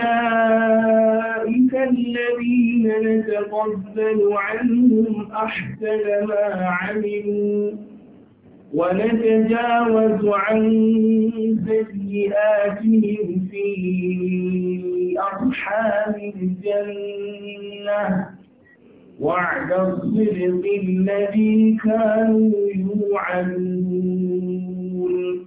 أولئك الذين نتقبل عنهم أحسن ما عملوا ونتجاوز عن سيئاتهم في أرحام الجنة وعد الصدق الذي كانوا يوعدون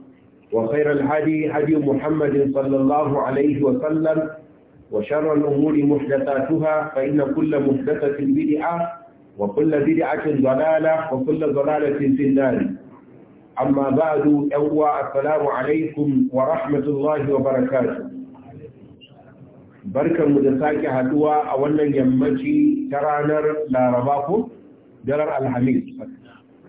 وخير الهدي هدي محمد صلى الله عليه وسلم وشر الأمور محدثاتها فإن كل محدثة بدعة وكل بدعة ضلالة وكل ضلالة في النار أما بعد أوى السلام عليكم ورحمة الله وبركاته بركة مدساكي هدوى أولا يمجي ترانر لا رباكم درر الحميد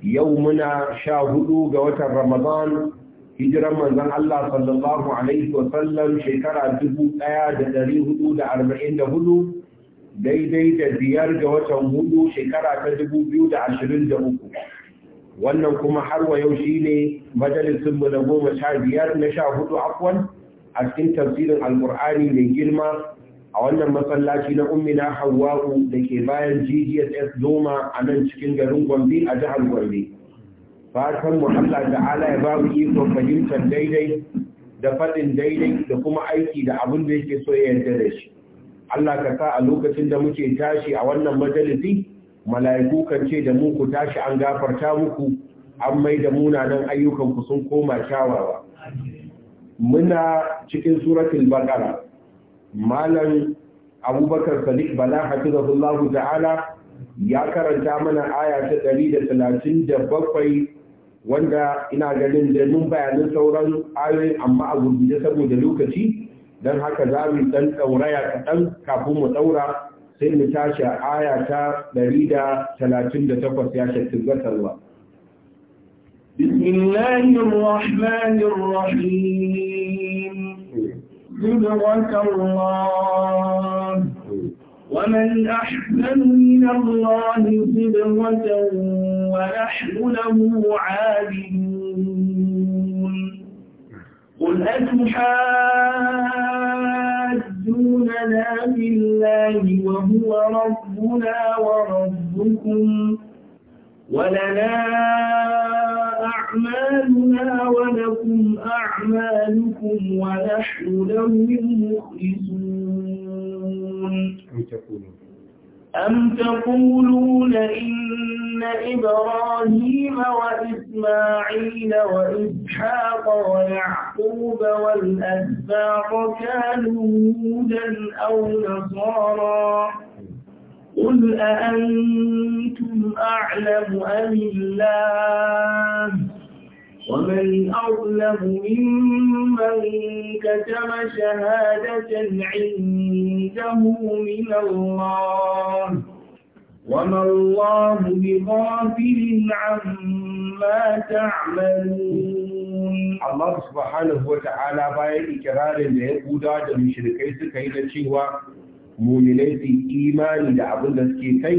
يومنا شاهدوا جوة رمضان hijiran manzon Allah sallallahu alaihi wa sallam shekara 1444 daidai da biyar ga watan hudu shekara ta 2023 wannan kuma har wa yau shine majalisin mu na goma sha biyar na sha hudu akwai, a cikin tafsirin alkur'ani mai girma a wannan masallaci na ummina hawwa'u da ke bayan ggss doma a nan cikin garin gombe a jihar gombe fatan mu Allah ta'ala ya ba mu iko fahimtar daidai da faɗin daidai da kuma aiki da abin da yake so ya yarda da shi Allah ka sa a lokacin da muke tashi a wannan majalisi mala'iku kan ce da mu ku tashi an gafarta muku an mai da munanan ayyukan ku sun koma shawawa muna cikin suratul baqara malam abubakar sadiq bala hafizahullahu ta'ala ya karanta mana aya ta 137 wanda ina ganin da mun bayanin sauran ayoyi amma a gurguje saboda lokaci dan haka za mu dan ɗauraya kaɗan kafin mu tsaura sai mu tashi aya ta 138 ya shattigatarwa. بسم الله الرحمن الرحيم صدرة الله ومن أحسن من الله صدقة ونحن له عابدون قل أتحاجوننا بالله وهو ربنا وربكم ولنا أعمالنا ولكم أعمالكم ونحن له مخلصون أم تقولون إن إبراهيم وإسماعيل وإسحاق ويعقوب والأسباق كانوا هودا أو نصارا قل أأنتم أعلم أم الله ومن أظلم ممن كتم شهادة عنده من الله وما الله بغافل عما تعملون الله سبحانه وتعالى باي إكرار اليهود da mushrikai suka yi da cewa muminai su imani da abin da suke kai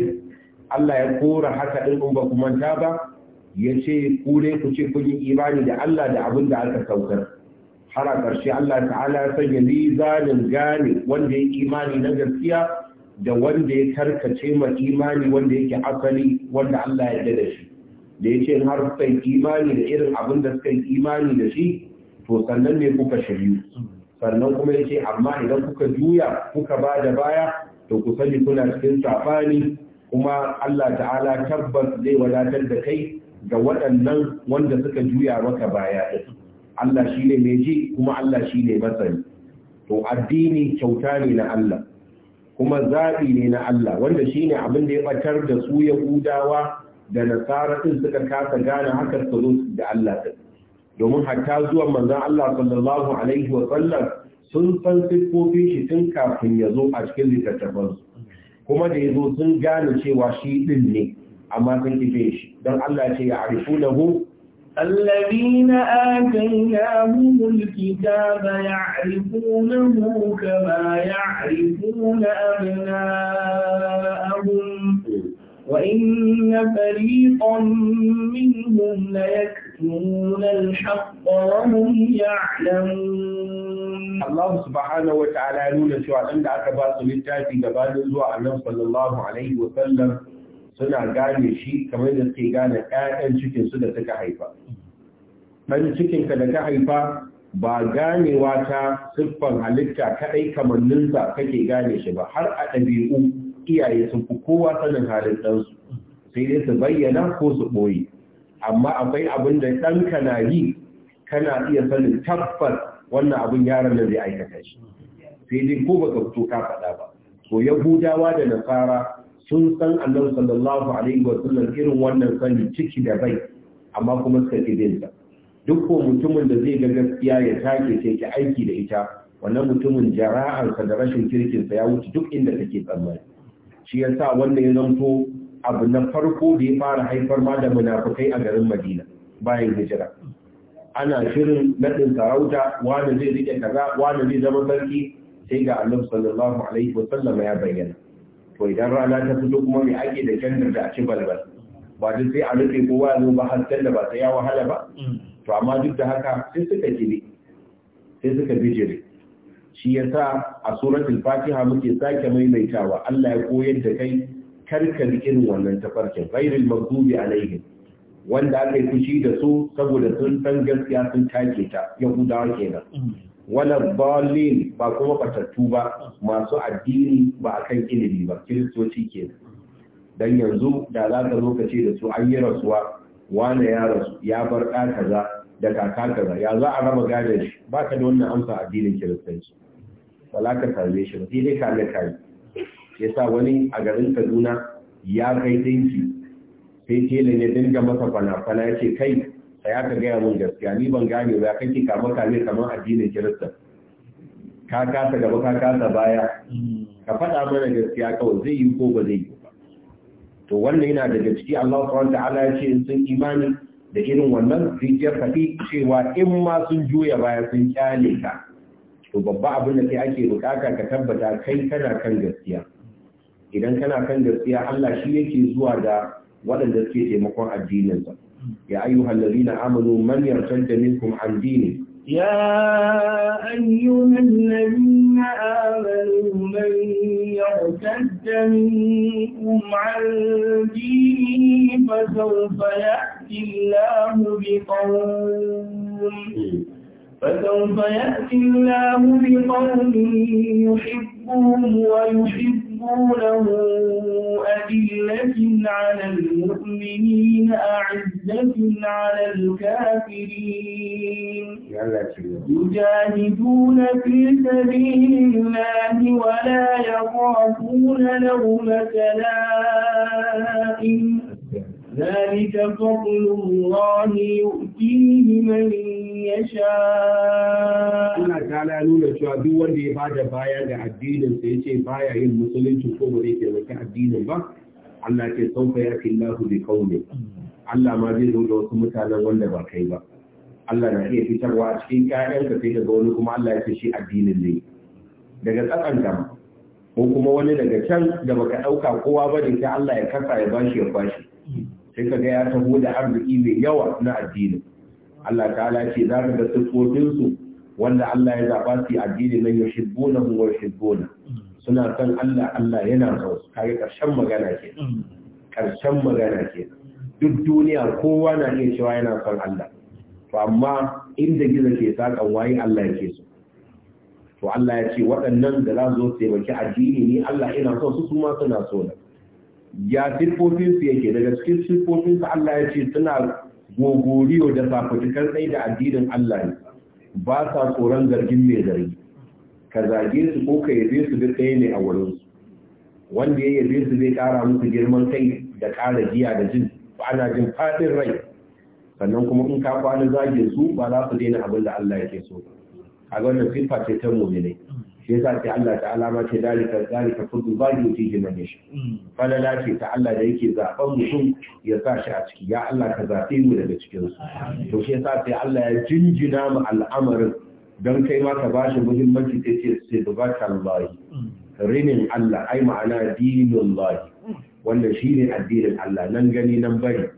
Allah ya kora haka in ba kuma ba ya ce ku kure ku ce kun yi imani da Allah da abin da aka saukar har a ƙarshe Allah ta'ala ya sanya ni mizanin gane wanda ya imani na gaskiya da wanda ya karkace ma imani wanda yake asali wanda Allah ya da shi da ya ce har sai imani da irin abin da suka yi imani da shi to sannan ne kuka shiryu sannan kuma ya ce amma idan kuka juya kuka ba da baya to ku sani kuna cikin safani kuma Allah ta'ala tabbas zai wadatar da kai ga waɗannan wanda suka juya maka baya ɗin Allah shi ne mai ji kuma Allah shi ne masani to addini kyauta ne na Allah kuma zaɓi ne na Allah wanda shi ne abin da ya ɓatar da su Yahudawa da Nasara ɗin suka kasa gane haka su da Allah ɗin domin hatta zuwa manzon Allah sallallahu alaihi wa sallam sun san siffofin shi tun kafin ya zo a cikin littattafansu kuma da ya zo sun gane cewa shi ɗin ne amma sun kife shi don Allah الذين آتيناهم الكتاب يعرفونه كما يعرفون أبناءهم وإن فريقا منهم ليكتمون الحق وهم يعلمون الله سبحانه وتعالى نون سوى عند أكباس للتاتي قبال الزوء النبي صلى الله عليه وسلم suna gane shi kamar da suke gane ƴaƴan cikinsu da suka haifa ɗan cikinka da ka haifa ba ganewa ta siffan halitta kaɗai kamanninsa kake gane shi ba har a ɗabi'u iyaye sun fi kowa sanin halin ɗansu sai dai su bayyana ko su ɓoye amma akwai abin da ɗanka na yi kana iya sanin tabbas wannan abin yaron da zai aikata shi sai dai ko baka fito ka faɗa ba to yahudawa da nasara sun san annabi sallallahu alaihi wa sallam irin wannan sani ciki da bai amma kuma suka kidin duk ko mutumin da zai ga gaskiya ya take ce ki aiki da ita wannan mutumin jara'ar sa da rashin kirkin sa ya wuce duk inda take tsammani shi yasa wannan ya zanto abu na farko da ya fara haifar ma da munafikai a garin Madina bayan hijira ana shirin nadin sarauta wanda zai rike kaza zai zama sarki sai ga annabi sallallahu alaihi wa sallam ya bayyana ko idan rana ta fito kuma mai ake da jandar da a ci balbal ba duk sai a rufe kowa ya zo ba hasken da ba ta ya wahala ba to amma duk da haka sai suka jire sai suka bijire shi ya sa a suratul fatiha muke sake maimaitawa Allah ya koyar da kai karkar irin wannan tafarkin ghairil maghdubi alaihim wanda aka yi fushi da su saboda sun san gaskiya sun take ta yahudawa kenan mm. wala balin ba kuma batattu ba masu addini ba a kan ilimi ba kiristoci kenan Don yanzu da za ka lokaci da su an yi rasuwa wane ya rasu ya bar ɗaka kaza da kaka kaza ya za a raba gadon shi ba ka da wannan amsa addinin kiristanci ba za ka same shi ba sai dai ka ga kai ya sa wani a garin kaduna ya kai dinki sai telan ya dinga masa fana-fana ya ce kai ya ta gaya mun gaskiya ni ban gane ba kake kama kame kamar addinin kirista ka kasa gaba ka kasa baya ka faɗa mana gaskiya kawai zai yi ko ba zai yi ba to wannan yana daga ciki Allah subhanahu ta'ala ya ce in sun imani da irin wannan zuciyar tafi cewa in ma sun juya baya sun kyale ka to babba abin da sai ake bukata ka tabbata kai kana kan gaskiya idan kana kan gaskiya Allah shi yake zuwa da waɗanda suke taimakon addininsa يا أيها الذين آمنوا من يرتد منكم عن دينه يا أيها الذين آمنوا من يرتد منكم عن دينه فسوف يأتي الله بقوم فسوف يأتي الله بقوم يحبهم ويحبون يحبونه أدلة على المؤمنين أعزة على الكافرين يجاهدون في سبيل الله ولا يخافون لومة لائم ذلك فضل الله يؤتيه من يشاء Allah ta'ala nuna cewa duk wanda ya bada baya ga addinin sa yace baya yin musulunci ko bare ke wata addinin ba Allah ce sauka ya fi Allahu bi Allah ma zai zo da wasu mutanen wanda ba kai ba Allah na iya fitarwa a cikin kayan ka sai daga wani kuma Allah ya ce shi addinin ne daga tsakan ka ko kuma wani daga can da baka ɗauka kowa ba da Allah ya kasa ya bashi ya bashi sai ka ga ya taho da arziki mai yawa na addini Allah ta'ala ce za ka ga su wanda Allah ya zaɓa su addini nan ya shibbona mu wa shibbona suna son Allah Allah yana son ka kare ƙarshen magana ke ƙarshen magana ke duk duniya kowa na iya cewa yana son Allah to amma inda gizo ke sakan waye Allah yake so to Allah ya ce waɗannan da za su zo taimaki addini ni Allah ina so su su suna so na ya siffofin su yake daga cikin sifofin su Allah ya ce suna gogoriyo da safatikar tsaye da addinin Allah ne ba sa tsoron zargin mai zargi ka zage su ko ka yabe su duk ɗaya ne a wurin wanda ya yabe su zai ƙara musu girman kai da ƙara giya da jin ana jin faɗin rai sannan kuma in ka kwana zage su ba za su daina abin da Allah yake so a ga wannan sifa ce ta mu'minai shi yasa sai Allah ta'ala ma ce dalika dalika fuddu bali yuti man yasha falala ce ta Allah da yake zaben mutum ya sa shi a ciki ya Allah ka zafe mu daga cikin su to shi yasa sai Allah ya jinjina mu al'amarin dan kai ma ka bashi muhimmanci sai ce sai bubakallahi rinin Allah ai ma'ana dinullahi wanda shine addinin Allah nan gani nan bari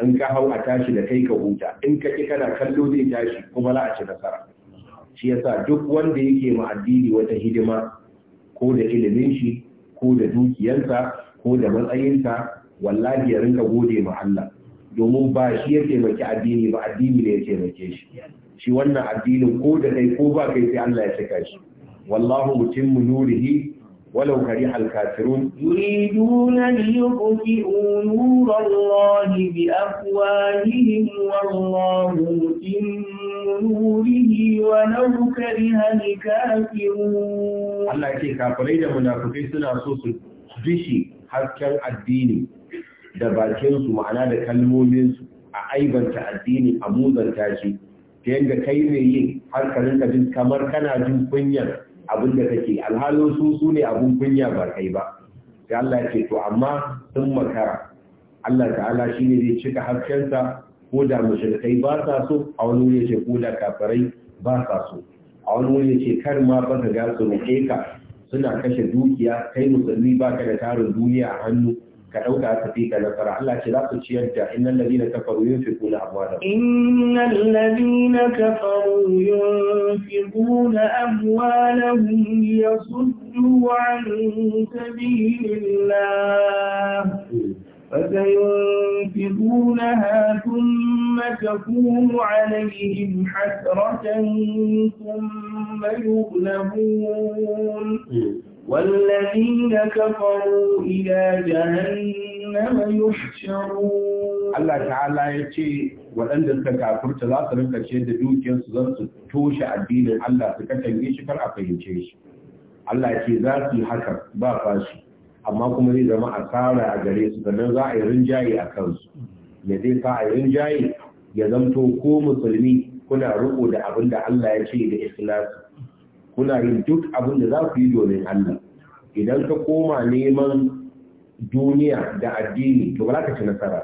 in ka hau a tashi da kai ka huta in ka ki kana kallo zai tashi kuma la'a ci nasara shi yasa duk wanda yake ma addini wata hidima ko da ilimin shi ko da dukiyarsa ko da matsayinsa wallahi ya rinka gode ma Allah domin ba shi ya taimaki addini ba addini ne ya taimake shi shi wannan addinin ko da kai ko ba kai sai Allah ya saka shi wallahu mutimmu nurihi ولو كره الكافرون يريدون ليطفئوا نور الله بأفواههم والله متم نوره ولو كره الكافرون الله يكي كافرين منافقين سنة سوس بشي hasken addini da bakinsu ma'ana da kalmominsu a aibanta addini a muzanta shi ta yadda kai mai yi harkarin kamar kana jin kunyar abin da kake alhalin su su ne abin kunya ba kai ba sai Allah ya ce to amma sun makara Allah ta'ala shi ne zai cika haskensa ko da mushrikai ba sa so a wani wuri ce ko da kafirai ba sa so a wani wuri ce kar ma ba ka ga su roƙe ka suna kashe dukiya kai musulmi ba ka da tarin duniya a hannu كعودة تتيكا لترى على شلاق الشيجة إن الذين كفروا ينفقون أموالهم إن الذين كفروا ينفقون أموالهم يصدوا عن سبيل الله فسينفقونها ثم تكون عليهم حسرة ثم يغلبون والذين كفروا إلى جهنم يحشرون الله تعالى يتي waɗanda suka kafirta za su rinka ce da dukiyarsu zan su toshe addinin Allah su katange shi kar a fahimce shi Allah ce za su yi haka ba fashi amma kuma zai zama asara a gare su sannan za a yi rinjaye a kansu me zai sa a yi rinjaye ya zamto ko musulmi kuna riko da abin da Allah ya ce da ikhlasi kuna yin duk abin da za ku yi domin Allah idan ka koma neman duniya da addini to ba za ka ci nasara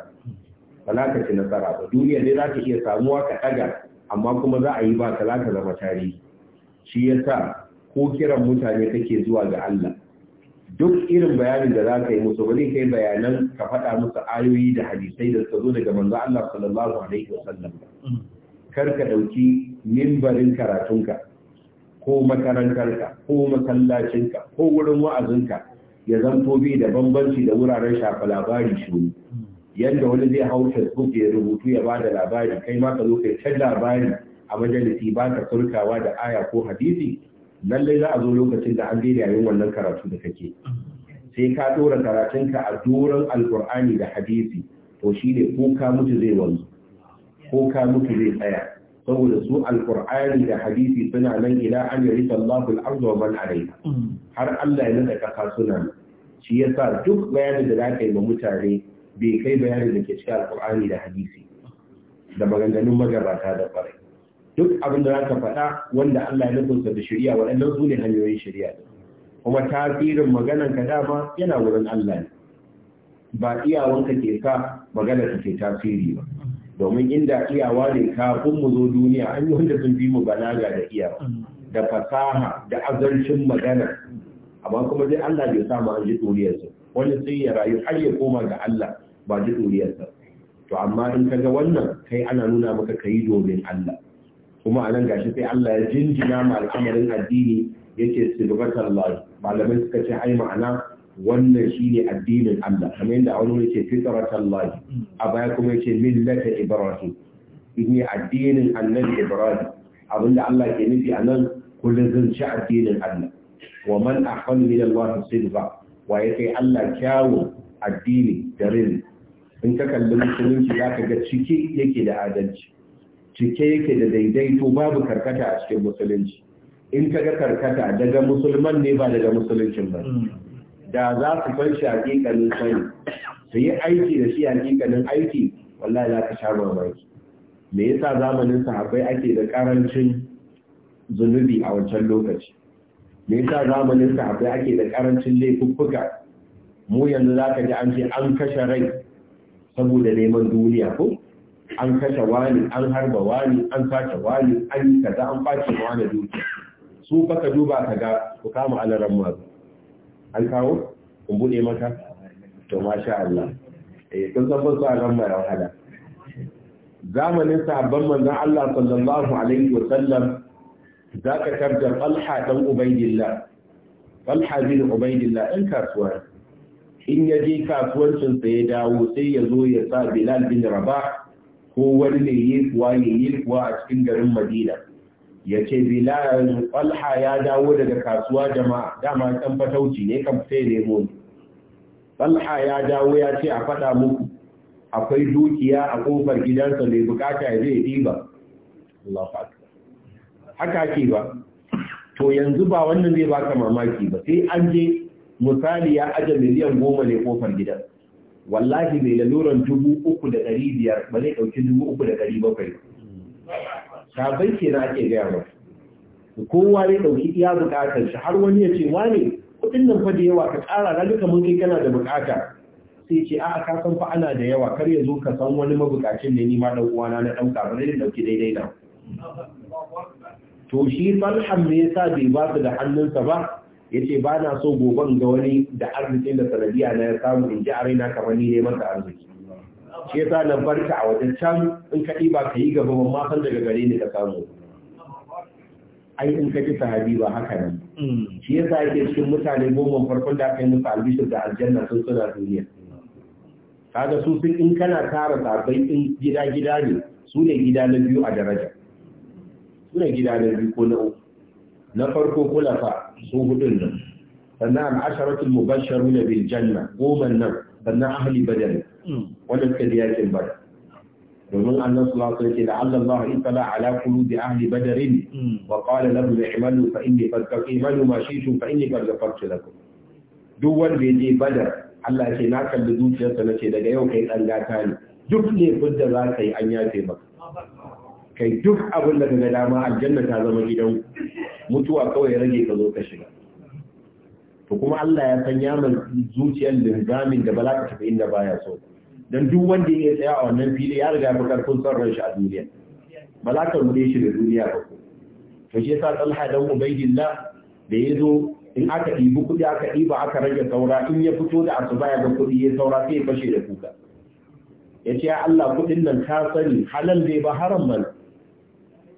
ba za ka ci nasara ba duniya dai za ka iya samuwa ka ɗaga amma kuma za a yi ba ka za ka zama tarihi shi yasa ko kiran mutane kake zuwa ga Allah duk irin bayanin da za ka yi musu ba zai kai bayanan ka faɗa musu ayoyi da hadisai da suka zo daga manzo Allah sallallahu alaihi wasallam mm. kar ka ɗauki mimbarin karatunka ko makarantarka ko masallacinka ko wurin wa'azinka ya zanto bi da bambanci da wuraren shafa labari shuni yadda wani zai hau facebook ya rubutu ya bada labari kai ma ka zo kai can labari a majalisi ba ka surkawa da aya ko hadisi lallai za a zo lokacin da an daina yayin wannan karatu da kake sai ka dora karatunka a doron alkur'ani da hadisi to shine ko ka mutu zai wanzu ko ka mutu zai tsaya saboda su alkur'ani da hadisi suna nan ila an yi rikon al-ardh man alayha mm. har Allah ya nada kasa suna shi yasa duk bayanin da zaka yi ma mutane bai kai bayanin da ke cikin alkur'ani da hadisi da maganganun magabata da kwarai duk abin da zaka faɗa wanda Allah ya nufinsa da shari'a waɗannan su ne hanyoyin shari'a kuma tasirin maganar ka dama yana wurin Allah ne ba iyawanka ke sa magana ta ke tasiri ba domin inda iyawa ne kafin mu zo duniya an yi wanda sun fi mu balaga da iyawa da fasaha da azarcin magana amma kuma dai Allah bai sa mu an ji duriyarsa wani sai ya rayu har ya koma ga Allah ba ji duriyarsa to amma in ka wannan kai ana nuna maka kai domin Allah kuma anan gashi sai Allah ya jinjina ma al'amarin addini yake silbatar Allah malamai suka ce ai ma'ana wannan shine addinin Allah kamar yadda wani wani ce fitratallahi a baya kuma yace millata ibrahim ne addinin annabi ibrahim abinda Allah ke nufi a nan kullum zan ci addinin Allah wa man ahwanu min Allah ba, wa yake Allah kyawun addini da rin in ka kalli musulunci za ka ga cike yake da adalci cike yake da daidaito babu karkata a cikin musulunci in ka ga karkata daga musulman ne ba daga musuluncin ba da za su bar shi hakikanin sani su yi aiki da shi hakikanin aiki wallahi za ka sha mamaki me yasa zamanin sahabbai ake da karancin zunubi a wancan lokaci me yasa zamanin sahabbai ake da karancin laifuffuka mu yanzu za ka ji an ce an kashe rai saboda neman duniya ko an kashe wani an harba wani an sace wani an yi kaza an face wani dukiya su baka duba ka ga ku kama alaran mazu an kawo in bude maka to masha Allah eh kun san ba a nan mai wahala zamanin sabon manzon Allah sallallahu alaihi wa sallam zaka tabda Talha dan Ubaydillah Talha bin Ubaydillah ɗan kasuwa in ya je kasuwancin sa ya dawo sai ya zo ya sa Bilal bin Rabah ko wani ne yi kuwa ya yi kuwa a cikin garin Madina ya ce bilal falha ya dawo daga kasuwa jama'a dama kan fatauci ne kan fita ya nemo ne falha ya dawo ya ce a faɗa muku akwai dukiya a kofar gidansa mai bukata ya zai ɗiba haka ke ba to yanzu ba wannan zai baka mamaki ba sai an je misali ya aje miliyan goma ne kofar gidan wallahi mai laluran dubu uku da ɗari biyar ba zai ɗauki dubu uku da ɗari bakwai sabai ke na ake gaya ba? kowa ya ɗauki iya bukatar shi har wani ya ce wane kuɗin nan fa da yawa ka ƙara na duka mun kai kana da bukata sai ce a ka san fa ana da yawa kar ya zo ka san wani mabukacin ne ni ma ɗan uwana na ɗan ƙarar da ɗauki daidai na to shi falhan me yasa bai ba su da hannunsa ba ya ce ba na so goban ga wani da arzikin da sanadiya na ya samu in ji a raina kamar ni ne masa arziki shi yasa na barka a wajen can in ka ɗiba ka yi gaba ban ma san daga gare ni ka samu ai in ka ji sahabi ba haka nan mm. shi yasa yake cikin mutane goma farkon da aka yi musu albishir da aljanna sun suna duniya kaga su sun in kana tara sabai in gida gida ne su ne gida na biyu a daraja su ne gida na biyu ko na uku na farko kulafa su hudun nan sannan al'asharatul mubashsharuna bil janna goma nan sannan ahli badal Wannan suka ji yakin domin Allah sallallahu alaihi wasallam da Allah Allah itala ala qulubi ahli badr wa qala lahum i'malu fa inni qad qa'imalu ma shi fa inni qad ghafartu lakum duk wanda ya je badar Allah ce na kalli zuciyarsa na ce daga yau kai dan gata ne duk ne da za ka yi an yafe maka kai duk abin da daga dama aljanna ta zama gidan mutuwa kawai rage ka zo ka shiga to kuma Allah ya san yaman zuciyar linzamin da bala da ka tafi inda baya so ba don duk wanda ya tsaya a wannan fili ya riga fi kun son ran shi a duniya ba za ka rude shi da duniya ba ko to shi yasa talha dan ubaidillah da ya zo in aka ɗibi kuɗi aka ɗiba aka rage saura in ya fito da asuba ya ga kuɗi ya saura sai ya fashe da kuka ya ce Allah kuɗin nan ka sani halal bai ba haram ba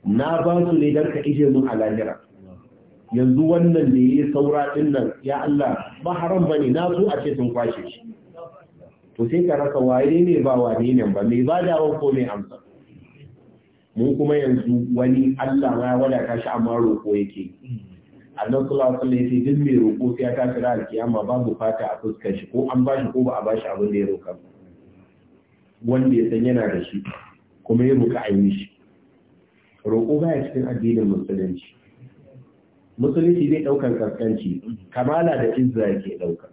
na ba su ne dan ka ije mun a yanzu wannan da ya saura ɗin nan ya Allah ba haram ba ne na so a ce sun kwashe shi to sai ka rasa waye ne ba wane ne ba mai ba da ko mai amsa mu kuma yanzu wani Allah ma ka shi amma roƙo yake Allah sallallahu alaihi wasallam duk mai roƙo sai ya tashi ran kiyama babu fata a fuskar shi ko an bashi ko ba a bashi abin da ya roƙa wanda ya san yana da shi kuma ya roƙa a yi shi roƙo baya cikin addinin musulunci musulunci zai ɗaukar kaskanci kamala da izza ke ɗauka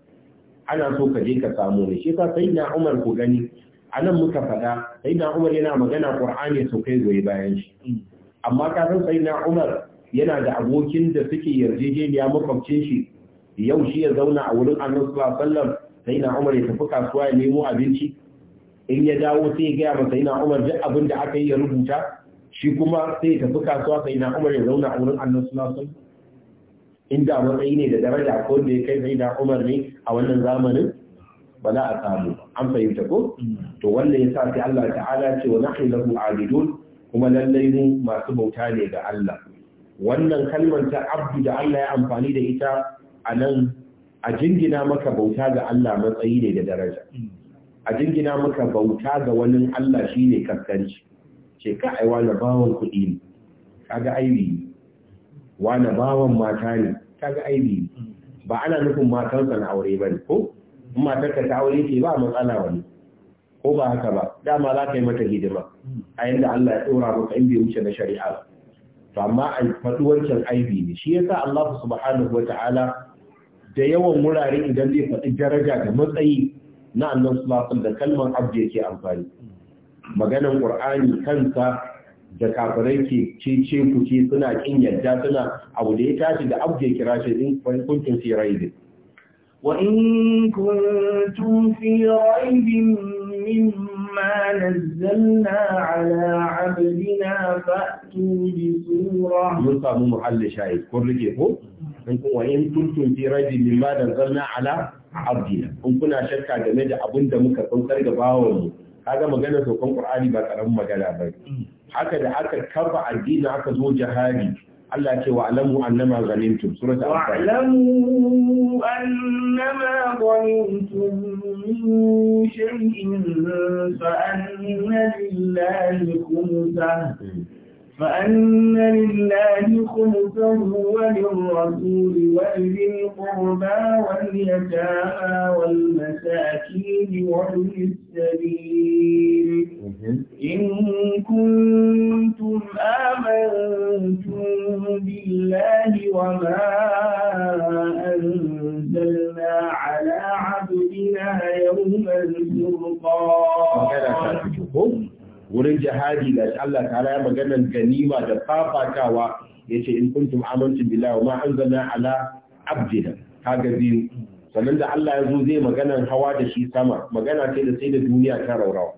ana so ka je ka samu ne shi ka sai umar ku gani anan muka faɗa sai na umar yana magana ƙur'ani su kai goyi bayan shi amma ka san sai umar yana da abokin da suke yarjejeniya makwabcin shi yau shi ya zauna a wurin annabi sallallahu alaihi wasallam sai umar ya tafi kasuwa ya nemo abinci in ya dawo sai ya gaya wa ina umar duk abin da aka yi ya rubuta shi kuma sai ya tafi kasuwa sai na umar ya zauna a wurin annabi sallallahu alaihi wasallam inda matsayi ne da daraja ko da ya kai sai da umar ne a wannan zamanin ba za a samu an fahimta ko to wannan ya sa sai Allah ta'ala ce wa nahnu lahu abidun kuma lallai mu masu bauta ne ga Allah wannan kalmar ta abdu da Allah ya amfani da ita a nan a jingina maka bauta ga Allah matsayi ne da daraja a jingina maka bauta ga wani Allah shine kaskanci ce ka aiwa na bawon kuɗi ne kaga aibi wani bawan mata ne ta ga aibi hmm. ba ana nufin matansa na aure ne, ko in matarka ta aure ce ba matsala wani ko ba haka ba dama za ka yi mata hidima hmm. a yadda Allah ya tsora maka in bai wuce na shari'a ba to amma a faɗi aibi ne shi yasa Allah subhanahu taala da yawan wurare idan zai faɗi daraja da matsayi na annabi sallallahu da kalmar abdi yake amfani hmm. maganan qur'ani kansa da kafirai ke cece kuce suna kin yadda suna abu da ya tashi da abu da ya kira shi din kun fi raibin wa in kuntum fi raibin mimma nazzalna ala abdina fa'tu bi surah mun samu muhalli shayi, kun rike ko in kuma wa in kuntum fi raibin mimma nazzalna ala abdina in kuna shakka game da abin da muka saukar ga bawon kaga magana saukan qur'ani ba karamin magana ba haka da haka kafa addini aka zo jihadi Allah ce wa alamu annama ghanimtum surat al Wa alamu annama ghanimtum min shay'in fa anna lillahi khumsahu فأن لله خمسه وللرسول ولذي القربى واليتامى والمساكين وابن السبيل إن كنتم آمنتم بالله وما أنزلنا على عبدنا يوم الفرقان wurin jihadi da Allah ta ya maganan ganima da fafatawa yace in kuntum amantum billahi wa ma anzalna ala abdina kaga biyu sannan da Allah ya zo zai maganan hawa da shi sama magana ce da sai da duniya ta raurawa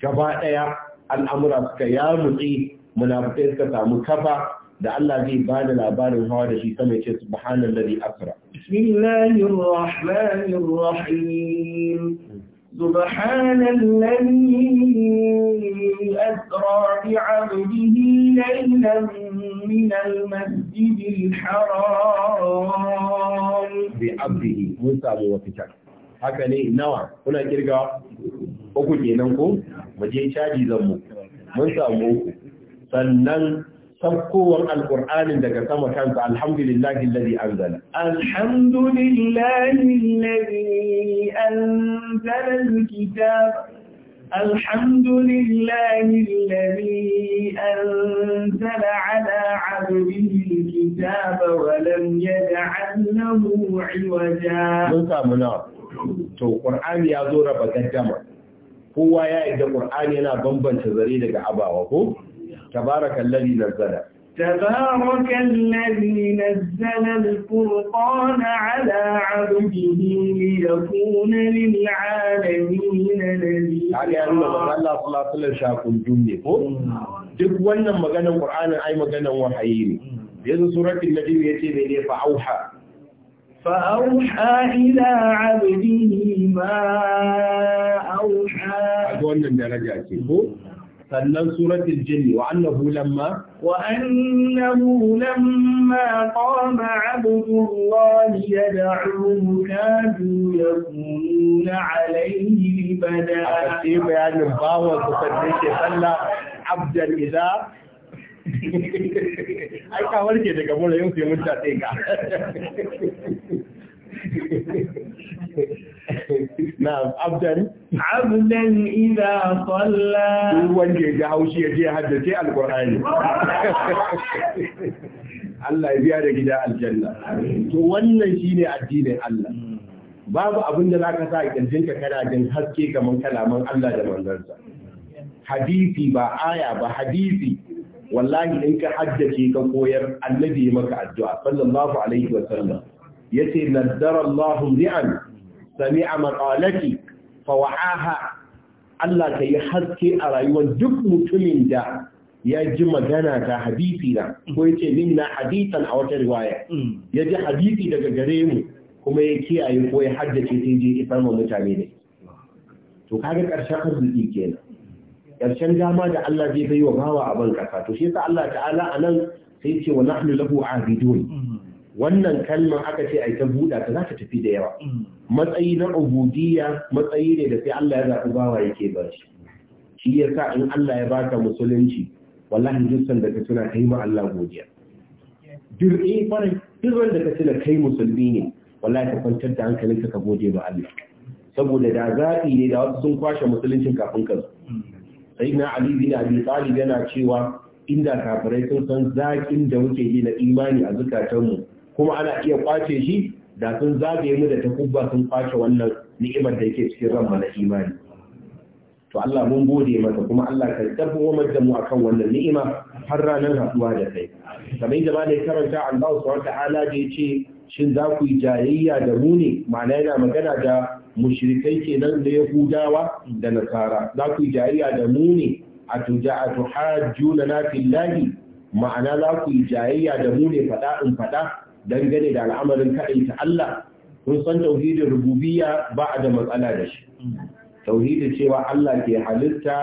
gaba daya al'amura suka ya mutsi munafikai suka samu kafa da Allah zai ba da labarin hawa da shi sama ce subhanallazi asra bismillahir rahmanir rahim سبحان الذي أسرى بعبده ليلا من المسجد الحرام بعبده موسى وفتك haka ne nawa kuna kirga uku kenan ko waje caji zanmu mun samu uku sannan saukowar alkur'anin daga sama kansa alhamdulillahi alladhi anzala alhamdulillahi alladhi أنزل الكتاب الحمد لله الذي أنزل على عبده الكتاب ولم يجعل له عوجا to Qur'ani ya zo raba gaddama kowa ya yadda ƙur'ani yana bambanta zare daga abawa ko tabarakallazi nazzala تبارك الذي نزل القرآن على عبده ليكون للعالمين نذيرا يعني أن الله صلى الله عليه وسلم شاف الجملة duk wannan maganar Qur'anin ai maganar wahayi ne yanzu suratul najm yace ne ne fa'auha fa'auha ila 'abdihi ma auha wannan daraja ce ko sannan suratul jinni wa annahu lamma wa annahu lamma qama abdullahi yad'uhu kadu yakuna alayhi bada A sai bayanin bawa kusannin ke sallah abdan idza ai ka warke daga mura yau sai mutta sai ka na'am abdan abdan idza salla wanda ya haushi ya je haddace alqur'ani Allah ya biya da gida aljanna to wannan shine addinin Allah babu abin da zaka sa kirjinka kana jin haske kamar kalaman Allah da manzansa hadisi ba aya ba hadisi wallahi in ka haddace ka koyar annabi maka addu'a sallallahu alaihi wa sallam yace nadara Allahu li'an sami'a maqalati fa wa'aha Allah ka yi haske a rayuwar duk mutumin da ya ji magana ta hadisi na ko ya ce na hadisan a wata riwaya ya ji hadisi daga gare mu kuma ya kiyaye ko ya haddace sai je isar ma mutane ne to kaga karshen arziki kenan karshen dama da Allah zai bai wa bawa a ban kasa to shi yasa Allah ta'ala nan sai ya ce wa nahnu lahu abidun wannan kalmar aka ce ai ta buɗa ta za ta tafi da yawa matsayi na ubudiya matsayi ne da sai Allah ya zaɓi bawa yake ba shi shi yasa in Allah ya baka musulunci wallahi dukkan da ka tuna kai ma Allah godiya dir'i fara duk eh, da ka tuna kai musulmi ne wallahi ka kwantar da hankalin ka gode ma Allah saboda da zaɓi ne da wasu sun kwashe musuluncin kafin ka zo sai na Ali bin Abi Talib yana cewa inda kafirai sun san zaƙin da muke yi na imani a zukatanmu kuma ana iya kwace shi da sun zagaye mu da takubba sun kwace wannan ni'imar da yake cikin ran na imani to Allah mun gode masa kuma Allah ka tabbatar da mu akan wannan ni'ima har ranar haduwa da kai kamar da malai karanta Allah subhanahu ta'ala da yace shin za ku yi jayayya da mu ne ma'ana yana magana da mushrikai kenan da yahudawa da nasara za ku yi jayayya da mu ne a tuja a tuhajjuna na fillahi ma'ana za ku yi jayayya da mu ne faɗa in faɗa? dangane da al'amarin ta Allah kun san tauhidin Rububiya ba a da matsala da shi tauhidin cewa Allah ke halitta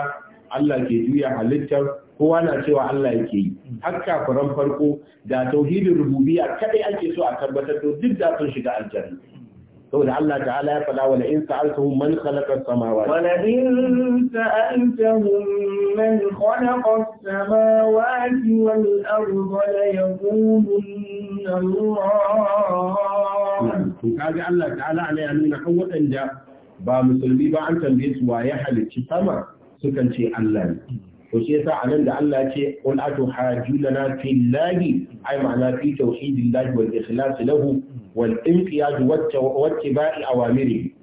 Allah ke juya halittar kowa na cewa Allah yake yi hakka kafiran farko da tauhidin Rububiya kaɗai ake so a tabbatar to duk da sun shiga aljanna تقول الله تعالى فلا ولئن سألتهم من خلق السماوات ولئن سألتهم من خلق السماوات والأرض ليقولن الله تقول الله تعالى على أن نحو أنجا بمسلمي بأن تنبيس ويحل الشفامة سكن شيء الله وشيسا على أن الله شيء قل أتحاجلنا في الله أي معنى في توحيد الله والإخلاص له wal inqiyad wacce ba'i awamiri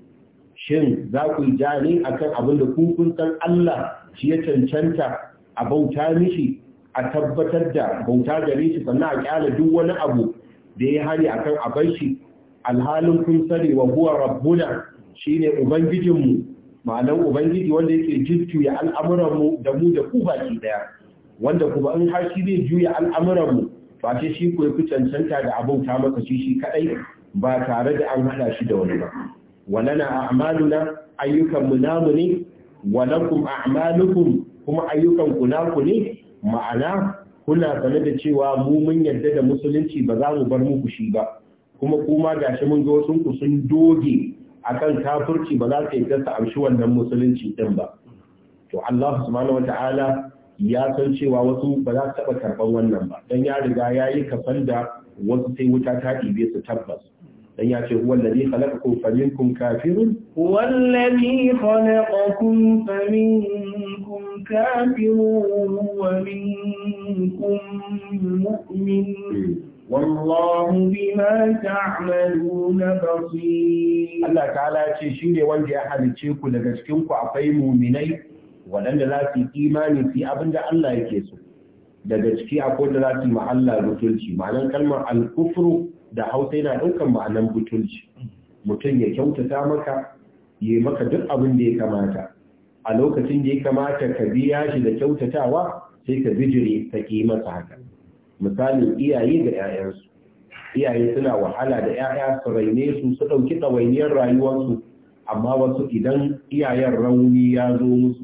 shin za ku ja ne akan abin da ku kun san Allah shi ya cancanta a bauta mishi a tabbatar da bauta gare shi sannan a kyala duk wani abu da ya hari akan a bar shi alhalin kun sani wa huwa shine ubangijinmu ma'anan ubangiji wanda yake jujjuya al'amuranmu da mu da ku baki ɗaya, wanda kuma in har shi zai juya al'amuranmu face shi ko fi cancanta da ta maka shi shi kadai ba tare da an hada shi da wani ba na a'maluna ayyukan mu namu ne walakum a'malukum kuma ayyukan ku naku ne ma'ana kuna sane da cewa mu mun yarda da musulunci ba za mu bar muku shi ba kuma kuma gashi mun ga wasu ku sun doge akan kafirci ba za su yarda su amshi wannan musulunci din ba to Allah subhanahu wata'ala ya san cewa wasu ba za su taɓa karɓar wannan ba don ya riga ya yi kafan da wasu sai wuta ta ɗibe su tabbas don ya ce huwa lalli khalaqakum faminkum kafirun huwa lalli khalaqakum faminkum kafirun wa minkum mu'min والله بما تعملون بصير Allah ta'ala ce shine wanda ya halice ku daga cikin ku akwai mu'minai waɗanda za su yi imani su yi abin da Allah yake so daga ciki akwai da za su yi Allah butulci ma'anar kalmar alkufru da hausa yana ɗaukar ma'anar butulci mutum ya kyautata maka ya maka duk abin da ya kamata a lokacin da ya kamata ka biya shi da kyautatawa sai ka bijire ta ki masa haka misalin iyaye ga 'ya'yansu iyaye suna wahala da 'ya'ya su raine su su ɗauki ɗawainiyar rayuwarsu amma wasu idan iyayen rauni ya zo musu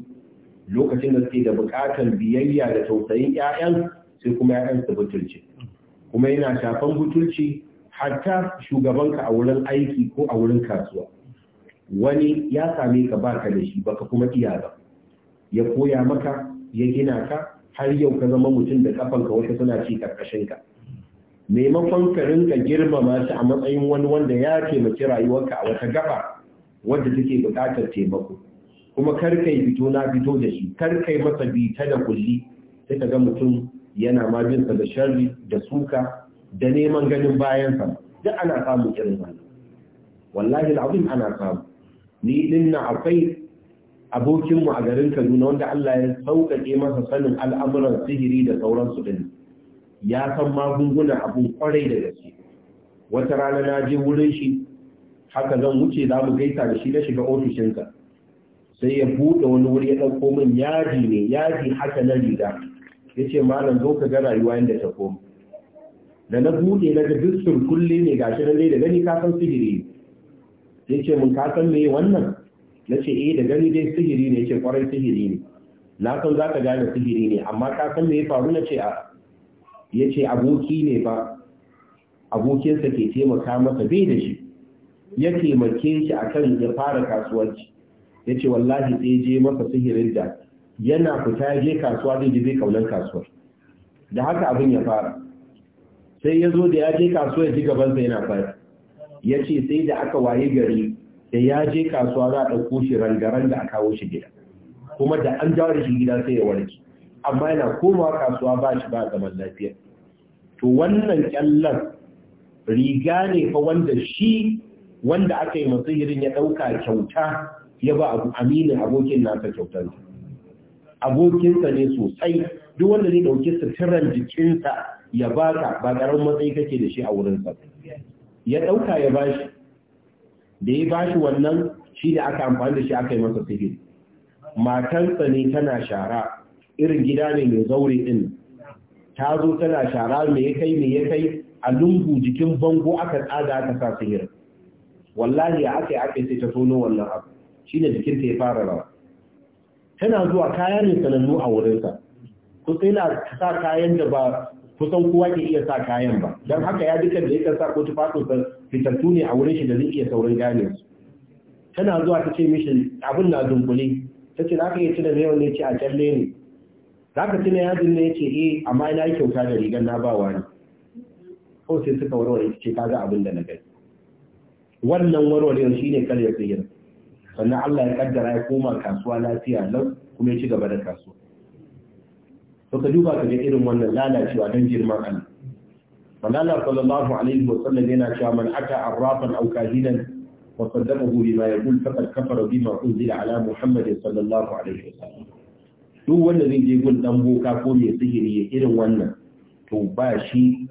lokacin da suke da bukatar biyayya da tausayin 'ya'yan sai kuma ƴaƴan su butulci kuma yana shafan butulci hatta shugabanka a wurin aiki ko a wurin kasuwa wani ya same ka baka da shi baka kuma iya ba ya koya maka ya gina ka har yau ka zama mutum da kafanka wata suna ci karkashin ka maimakon ka rinka girmama shi a matsayin wani wanda ya taimaki rayuwarka a wata gaba wanda take bukatar taimako kuma kar yi fito na fito da shi kar kai masa bita da kulli sai ka ga mutum yana ma sa da sharri da suka da neman ganin bayan sa duk ana samu irin wannan wallahi alazim ana samu ni din na akwai abokin mu a garin Kaduna wanda Allah ya sauƙaƙe masa sanin al'amuran sihiri da sauransu din ya san magunguna abun kwarai da gaske wata rana na je wurin shi haka zan wuce za mu gaita da shi na shiga ofishinsa sai ya buɗe wani wuri ya ɗauko min yaji ne yaji haka na riga ya ce malam zo ka ga rayuwa inda ta koma da na buɗe na ga duk surkulle ne ga shi dai da gani ka san sihiri ya ce mun ka san me wannan na ce eh da gani dai sihiri ne ya ce kwarai sihiri ne na san za ka gane sihiri ne amma kasan san me ya faru na ce a ya ce aboki ne ba abokinsa ke taimaka masa bai da shi ya taimake shi akan ya fara kasuwanci ya ce wallahi sai je masa sihirin da yana fita je kasuwa zai je zai kasuwa kasuwar da haka abin ya fara sai ya zo da ya je kasuwa ya ji gaban sa yana fara ya ce sai da aka waye gari da ya je kasuwa za a ɗauko shi rangaran da a kawo shi gida kuma da an jawo da shi gida sai ya warke amma yana komawa kasuwa ba shi ba zaman lafiya to wannan kyallan riga ne fa wanda shi wanda aka yi sihirin ya ɗauka kyauta ya ba aminin abokin nasa kyautar abokinsa ne sosai duk wanda zai dauki suturan jikinsa ya baka ba karamin matsayi kake da shi a wurinsa ya dauka ya bashi da ya bashi wannan shi da aka amfani da shi aka yi masa sihir matansa ne tana shara irin gida ne mai zaure din ta zo tana shara me ya kai me ya kai a lungu jikin bango aka tsada aka sa sihir wallahi a aka yi aka sai ta tono wannan abu shine jikinta ya fara rawa tana zuwa kayan ne sanannu a wurinsa sai na sa kayan da ba kusan kowa ke iya sa kayan ba don haka ya dukkan da yakan sa ko ta sa fitattu ne a wurin shi da zai iya saurin gane su tana zuwa ta ce mishi abin na dunkule ta ce za ka iya tuna yawan ne ce a kyalle ne za ka tuna yajin ne ce eh amma ina yi kyauta da rigar na ba wani ko sai suka warware ita ce kaga abin da na gani wannan warwarewar shine ya tsira sannan Allah ya kaddara ya koma kasuwa lafiya lau kuma ya ci gaba da kasuwa to ka duba ka ga irin wannan lalacewa don girman Allah manala sallallahu alaihi wa sallam yana cewa man ata arrafan aw kahinan wa saddaqahu bima yaqul faqad kafara bima unzila ala muhammad sallallahu alaihi wa sallam duk wanda zai je gun dan boka ko mai sihiri irin wannan to ba shi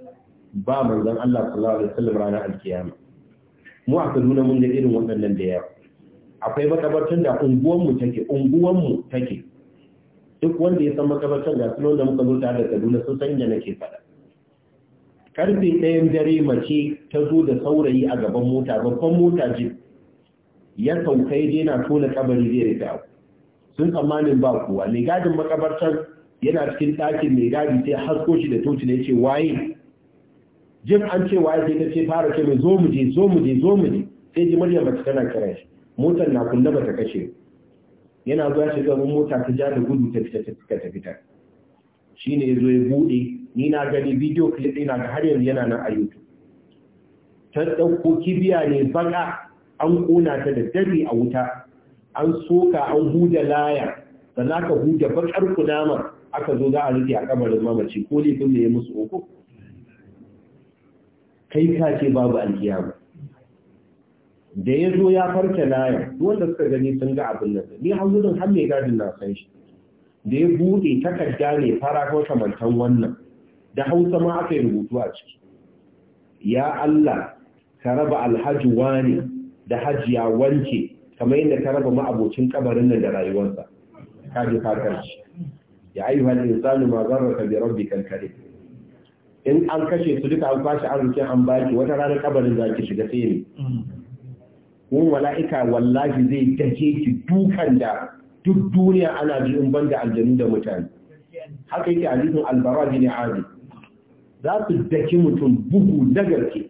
ba manzon Allah sallallahu alaihi wa sallam ranar alkiyama mu a Kaduna mun ga irin waɗannan da yawa akwai makabartar da unguwanmu take unguwanmu take duk wanda ya san makabartar ga sunan da muka zo tare da kaduna sun san inda nake faɗa karfe ɗayan dare mace ta zo da saurayi a gaban mota babban mota ji ya sauka ya je na tona kabari zai rika sun tsammanin ba kowa mai gadin makabartar yana cikin ɗakin mai gadi sai hasko shi da toci da ya ce waye jim an ce waye sai ta ce fara ce mai zo mu je zo mu je zo mu je sai ji murya mace tana kira motar na ba ta kashe yana zuwa ga mun mota ta ja da gudu ta fita ta fita ta fita shine yazo ya bude ni na gani video clip ɗina ga har yanzu yana nan a YouTube ta dauko kibiya ne baka an kona ta da dare a wuta an soka an huda laya sannan ka huda bakar kunama aka zo za a rufe a kabarin mamaci ko laifin da ya musu uku kai ka ce babu alkiyama da ya zo ya farke layar wanda suka gani sun ga abin nan ni har gudun har mai gadin na san shi da ya buɗe takarda ne fara ko kamantan wannan da hausa ma aka yi rubutu a ciki ya Allah ka raba alhaji wani da hajiya wanke kamar yadda ka raba ma'abocin kabarin nan da rayuwarsa ka ji fatar shi ya ayyuha al-insanu ma gharraka bi rabbi karim in an kashe su duka an kwashi arzikin an baki wata ranar kabarin zaki shiga sai ne wani mala'ika wallahi zai dake ki dukan da duk duniya ana ji in banda aljanu da mutane haka yake alifin albara ne abi za su daki mutum bugu na garke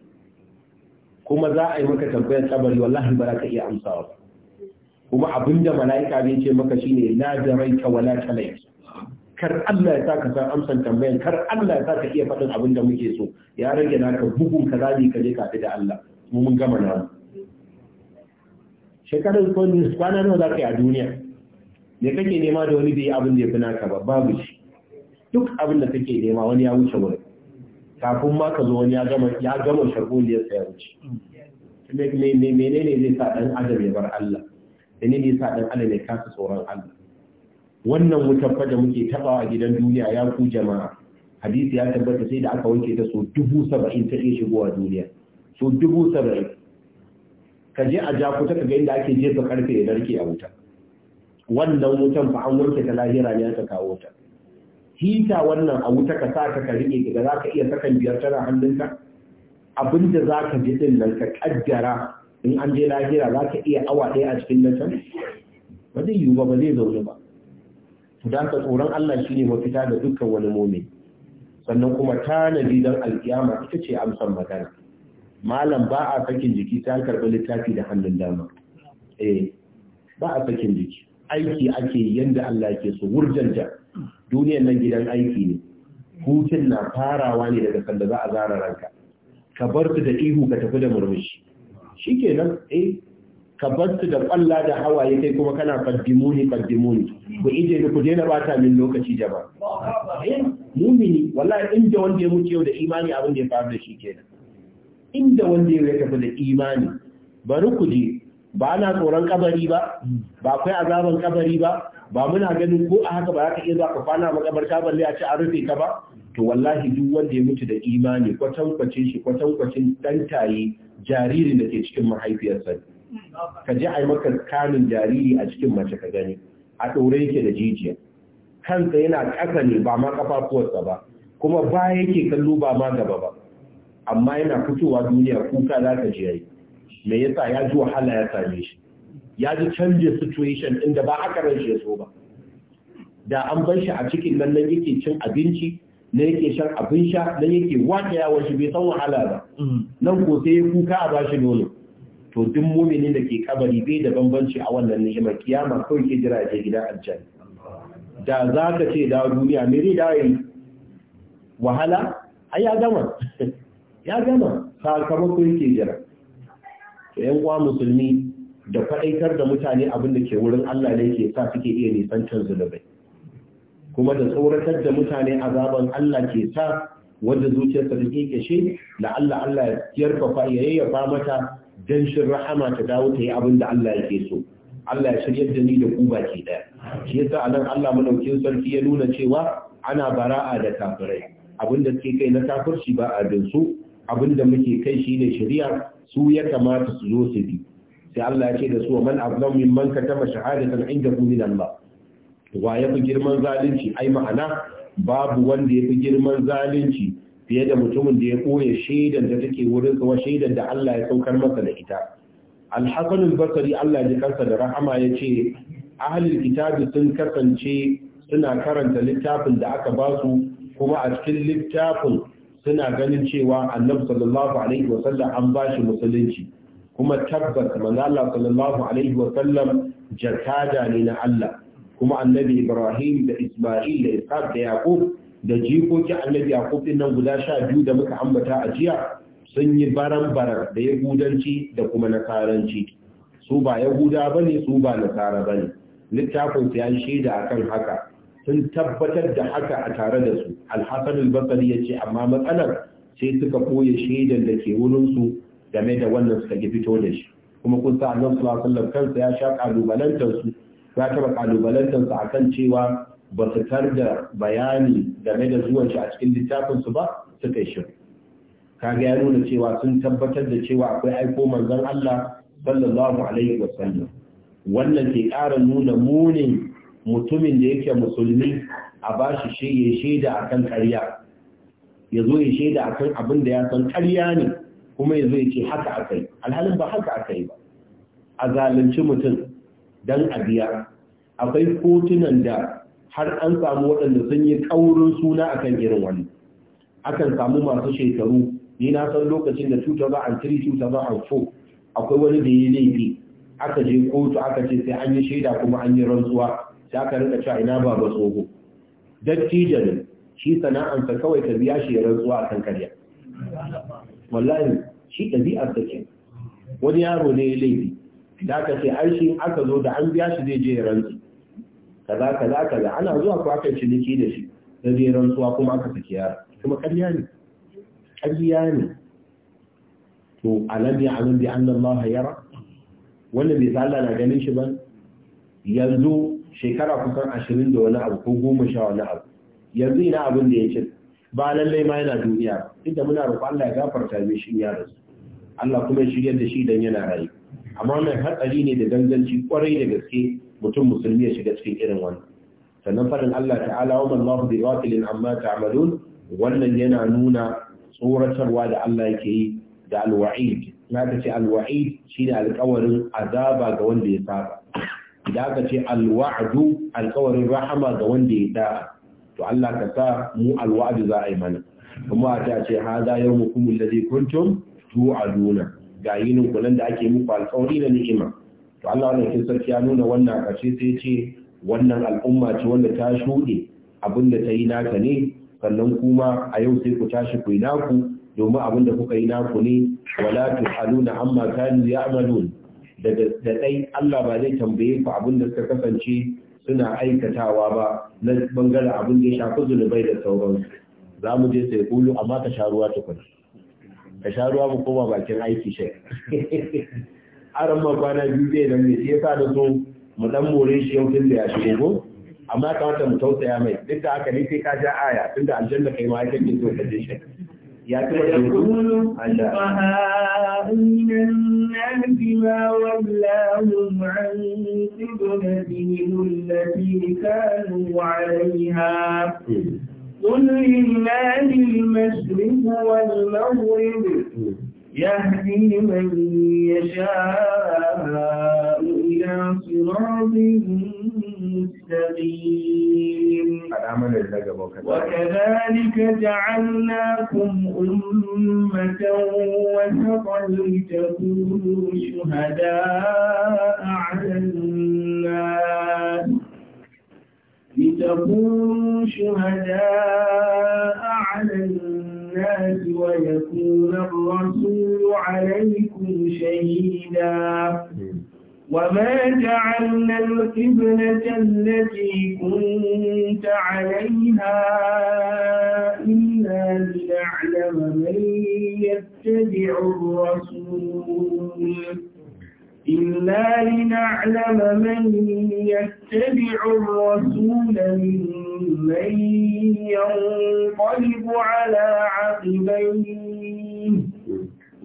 kuma za a yi maka tambayar tsabari wallahi ba za ka iya amsawa ba kuma abinda mala'ika bai ce maka shine la jaraita wala talai. kar Allah ya saka san amsan tambayar kar Allah ya saka iya faɗin abinda muke so ya rage naka bugun ka zabi ka je ka da Allah mu mun gama na shekarar kwana nawa za ka yi a duniya da kake nema da wani biyu abin da ya fi naka ba babu shi duk abin da kake nema wani ya wuce wani kafin ma ka zo wani ya gama ya gama ya wuce menene zai sa dan adam ya bar Allah menene ne sa dan adam ya kasa tsoron Allah wannan wutar fa da muke tabawa a gidan duniya ya ku jama'a hadisi ya tabbata sai da aka wanke ta so dubu saba'in ta iya shigowa duniya so dubu saba'in ka je a jakuta ka ga inda ake jefa karfe ya narke a wuta wannan wutan fa an wanke ta lahira ne aka kawo ta hita wannan a wuta ka sa ka rike daga za ka iya sakan biyar tana hannunka abin da za ka ji din nan ka kaddara in an je lahira za ka iya awa ɗaya a cikin nan can ba zai yiwu ba ba zai zaune ba to ka tsoron Allah shine mafita da dukkan wani mumin sannan kuma tanadi dan alkiyama ita ce amsan magana malam ba a sakin jiki ta karɓi littafi da hannun dama eh ba a sakin jiki aiki ake yanda Allah ke so wurjanta duniyar nan gidan aiki ne hutun na farawa ne daga sanda za a zara ranka ka bar da ihu ka tafi da murmushi shikenan eh ka bar su da kwalla da hawaye kai kuma kana faddimuni-faddimuni. ku ije ni ku daina bata min lokaci jaba eh mumini wallahi in da wanda ya mutu yau da imani abin da ya faru da shi kenan inda wanda ya tafi da imani bari ku je ba ana tsoron kabari ba ba akwai azaban kabari ba ba muna ganin ko a haka ba za ka iya zuwa ka kwana makabarta balle a ci a rufe ka ba to wallahi duk wanda ya mutu da imani kwatankwacin shi kwatankwacin dantaye jaririn da ke cikin mahaifiyarsa ka je a yi maka kanin jariri a cikin mace ka gani a ɗore yake da jijiya kansa yana ƙasa ne ba ma ƙafafuwarsa ba kuma ba yake kallo ba ma gaba ba amma yana fitowa duniya kuka za ka ji yayi me yasa ya ji wahala ya same shi ya ji canje situation inda ba aka ran shi ya so ba da an bar shi a cikin nan nan yake cin abinci na yake shan abin sha nan yake wata yawon shi bai san wahala ba mm. nan ko sai ya kuka a bashi nono to duk muminin da ke kabari bai da bambanci a wannan ni'imar kiyama kawai ke jira ya gidan aljanna da za ka ce da duniya me zai dawo wahala ai gama ya gama sakamako yake jira to yan uwa musulmi da faɗaitar da mutane abin da ke wurin Allah ne ke sa suke iya nisan nisancin zulubai kuma da tsoratar da mutane azaban Allah ke sa wanda zuciyarsa ta kashe, la Allah Allah ya yarfafa ya yayyafa mata dan shin rahama ta dawo ta yi abin da Allah yake so Allah ya shiryar da ni da ku baki daya shi yasa anan Allah madaukin sarki ya nuna cewa ana bara'a da kafirai abin da suke kai na kafirci ba a bin su abin da muke kai shine shari'a su ya kamata su zo su bi sai Allah ya ce da su wa man azlam mimman katama shahadatan indahu min Allah wa ya fi girman zalunci ai ma'ana babu wanda ya fi girman zalunci fiye da mutumin da ya koya shaidan da take wurin kawa shaidan da Allah ya saukar masa da ita al-hasan basri Allah ya kansa da rahama ya ce ahlul kitabi sun kasance suna karanta littafin da aka ba su kuma a cikin littafin suna ganin cewa annabi sallallahu alaihi an bashi musulunci kuma tabbas manzo Allah sallallahu alaihi jakada ne na Allah kuma annabi Ibrahim da Isma'il da Ishaq da Yaqub da jikoki annabi Yaqub din nan guda sha biyu da muka ambata a jiya sun yi baran-baran da Yahudanci da kuma Nasaranci su ba Yahuda bane su ba Nasara bane littafin su ya shaida akan haka sun tabbatar da haka a tare da su alhassan albasari ya ce amma matsalar sai suka koya shaidan da ke wurinsu game da wannan suka ki fito da shi kuma kun sa annabi sallallahu alaihi wasallam kansa ya sha kalubalantar su ya taba kalubalantar su akan cewa ba su tar da bayani game da zuwan shi a cikin littafin su ba suka shi kaga ya nuna cewa sun tabbatar da cewa akwai aiko manzon Allah sallallahu alaihi wasallam wannan ke ƙara nuna munin mutumin da yake musulmi a ba shi ya shaida a kan ƙarya ya zo ya shaida a kan abin da ya san ƙarya ne kuma ya zo ya ce haka aka yi alhalin ba haka aka yi ba a zalunci mutum don a biya akwai kotunan da har an samu waɗanda sun yi ƙaurin suna akan irin wani akan samu masu shekaru ni na san lokacin da an so akwai wani da ya laifi aka je kotu aka ce sai an yi shaida kuma an yi rantsuwa sai aka rinka cewa ina baba tsoho dattijo ne shi sana'ansa kawai ta biya shi ya rantsuwa a kan karya wallahi shi ɗabi'ar ta ke wani yaro ne laifi da aka ce ai shi aka zo da an biya shi zai je ya rantsu kaza kaza kaza ana zuwa ko aka ciniki da shi da zai rantsuwa kuma aka saki yara. kuma ƙarya ne ƙarya ne to alam ya alam bi anna Allah yara wannan bai sa Allah na ganin shi ba yanzu shekara kusan ashirin da wani abu ko goma sha wani abu yanzu ina abin da ya ce ba lallai ma yana duniya inda muna roƙo Allah ya gafarta mai shi ya rasu Allah kuma ya shirya da shi dan yana rayu amma mai hatsari ne da danganci kwarai da gaske mutum musulmi ya shiga cikin irin wannan sannan farin Allah ta'ala wa Allahu bi ghafilin amma ta'malun wannan yana nuna tsoratarwa da Allah yake yi da alwa'id na ta ce alwa'id shine alƙawarin azaba ga wanda ya saba da aka ce alwa'adu alkawarin rahama ga wanda ya da'a to Allah ka sa mu alwa'adu za a yi mana kuma ta ce haza yau mukum alladhi kuntum tu'aduna ga yinin kullun da ake muku alkawari na ni'ima to Allah wannan kin sarki ya nuna wannan ƙarshe sai ce wannan al'umma ce wanda ta shuɗe abinda ta yi naka ne sannan kuma a yau sai ku tashi ku yi naku domin abinda kuka yi naku ne wala tu'aluna amma kanu ya'malun daga da dai Allah ba zai tambaye ku abin da suka kasance suna aikatawa ba na bangaren abin da ya shafi zunubai da sauransu za mu je sai kulu amma ka sha ruwa kwana. ka sha ruwa mu koma bakin aiki shai aran ma kwana biyu zai nan ne sai yasa da mu dan more shi yau tun da ya shigo go amma kamata mu tausaya mai duk da haka ne sai ka ja aya tunda aljanna kai ma yake so ka je shai يقول الفقهاء من الناس ما ولاهم عن قبلتهم التي كانوا عليها قل لله المشرق والمغرب يهدي من يشاء إلى صراط مستقيم وكذلك جعلناكم أمة وسطا لتكونوا شهداء على الناس لتكونوا شهداء على الناس ويكون الرسول عليكم شهيدا وما جعلنا القبلة التي كنت عليها إلا لنعلم من يتبع الرسول إلا لنعلم من يتبع الرسول ممن ينقلب على عقبيه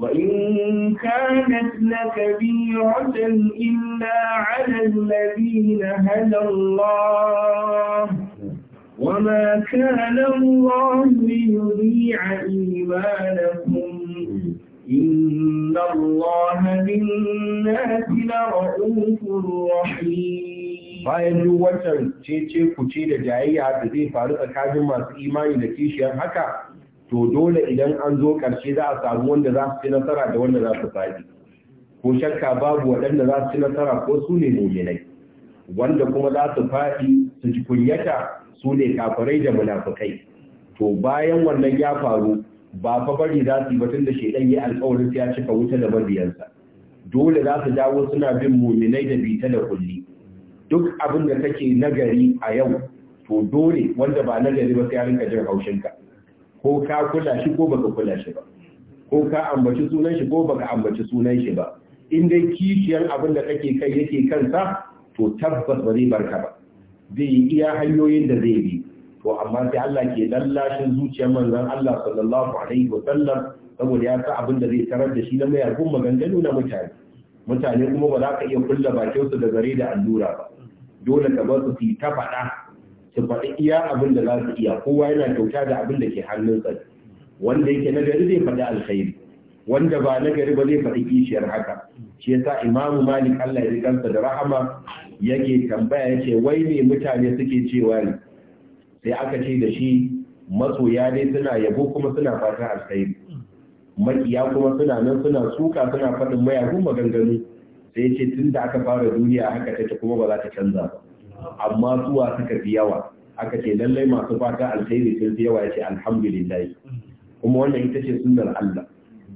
وإن كانت لكبيرة إلا على الذين هدى الله وما كان الله ليضيع إيمانكم إن الله بالناس لرؤوف رحيم bayan duk wancan cece kuce da jayayya da zai faru tsakanin masu imani da kishiyar haka to dole idan an zo ƙarshe za a samu wanda za su ci nasara da wanda za su faɗi ko shakka babu waɗanda za su ci nasara ko su ne muminai wanda kuma za su faɗi su ci kunyata su ne kafirai da munafukai to bayan wannan ya faru ba fa bari za su yi batun da shaidan ya alƙawarin ya cika wuta da mabiyansa dole za su dawo suna bin muminai da bita da kulli duk abin da kake nagari a yau to dole wanda ba nagari ba sai ya rinka jin haushinka ko ka kula shi ko baka kula shi ba ko ka ambaci sunan shi ko baka ambaci sunan shi ba in dai kishiyar abin da kake kai yake kansa to tabbas ba zai barka ba zai yi iya hanyoyin da zai bi to amma sai Allah ke lallashin zuciyar manzon Allah sallallahu alaihi wa sallam saboda ya sa abin da zai tarar da shi na mai maganganu na mutane mutane kuma ba za ka iya kulla bakin da zare da allura ba dole ka ba su su ta faɗa su faɗi iya abin da za su iya kowa yana kyauta da abin da ke hannunsa wanda yake nagari zai faɗi alkhairi wanda ba nagari ba zai faɗi kishiyar haka shi yasa imamu malik allah ya kansa da rahama yake tambaya ce wai me mutane suke cewa ne sai aka ce da shi masoya dai suna yabo kuma suna fatan alkhairi makiya kuma suna nan suna suka suna faɗin mayagun maganganu sai ce tun da aka fara duniya haka take kuma ba za ta canza ba amma suwa suka fi yawa aka ce lallai masu fata alkhairi sun fi yawa ya ce alhamdulillah kuma wannan ita ce sunnar Allah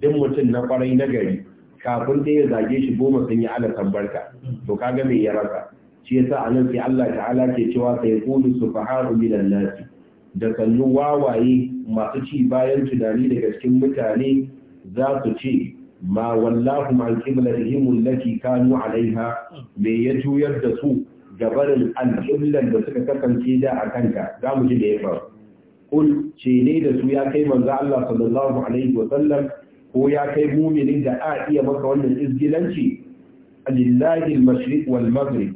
duk mutum na kwarai na gari kafin da ya zage shi goma sun yi ala tambarka to kaga mai ya rasa shi yasa a sai Allah ta'ala ke cewa sai qulu subhanu minan nas da sannu wawaye masu ci bayan tunani daga cikin mutane za su ce ma wallahu ma qiblatihim allati kanu alaiha me ya juyar da su gabarin al'ullan da suka kasance da a kanka za mu ji da ya faru kul ce ne da su ya kai manzo Allah sallallahu alaihi wa sallam ko ya kai muminin da a iya maka wannan izgilanci Alillahi al wal maghrib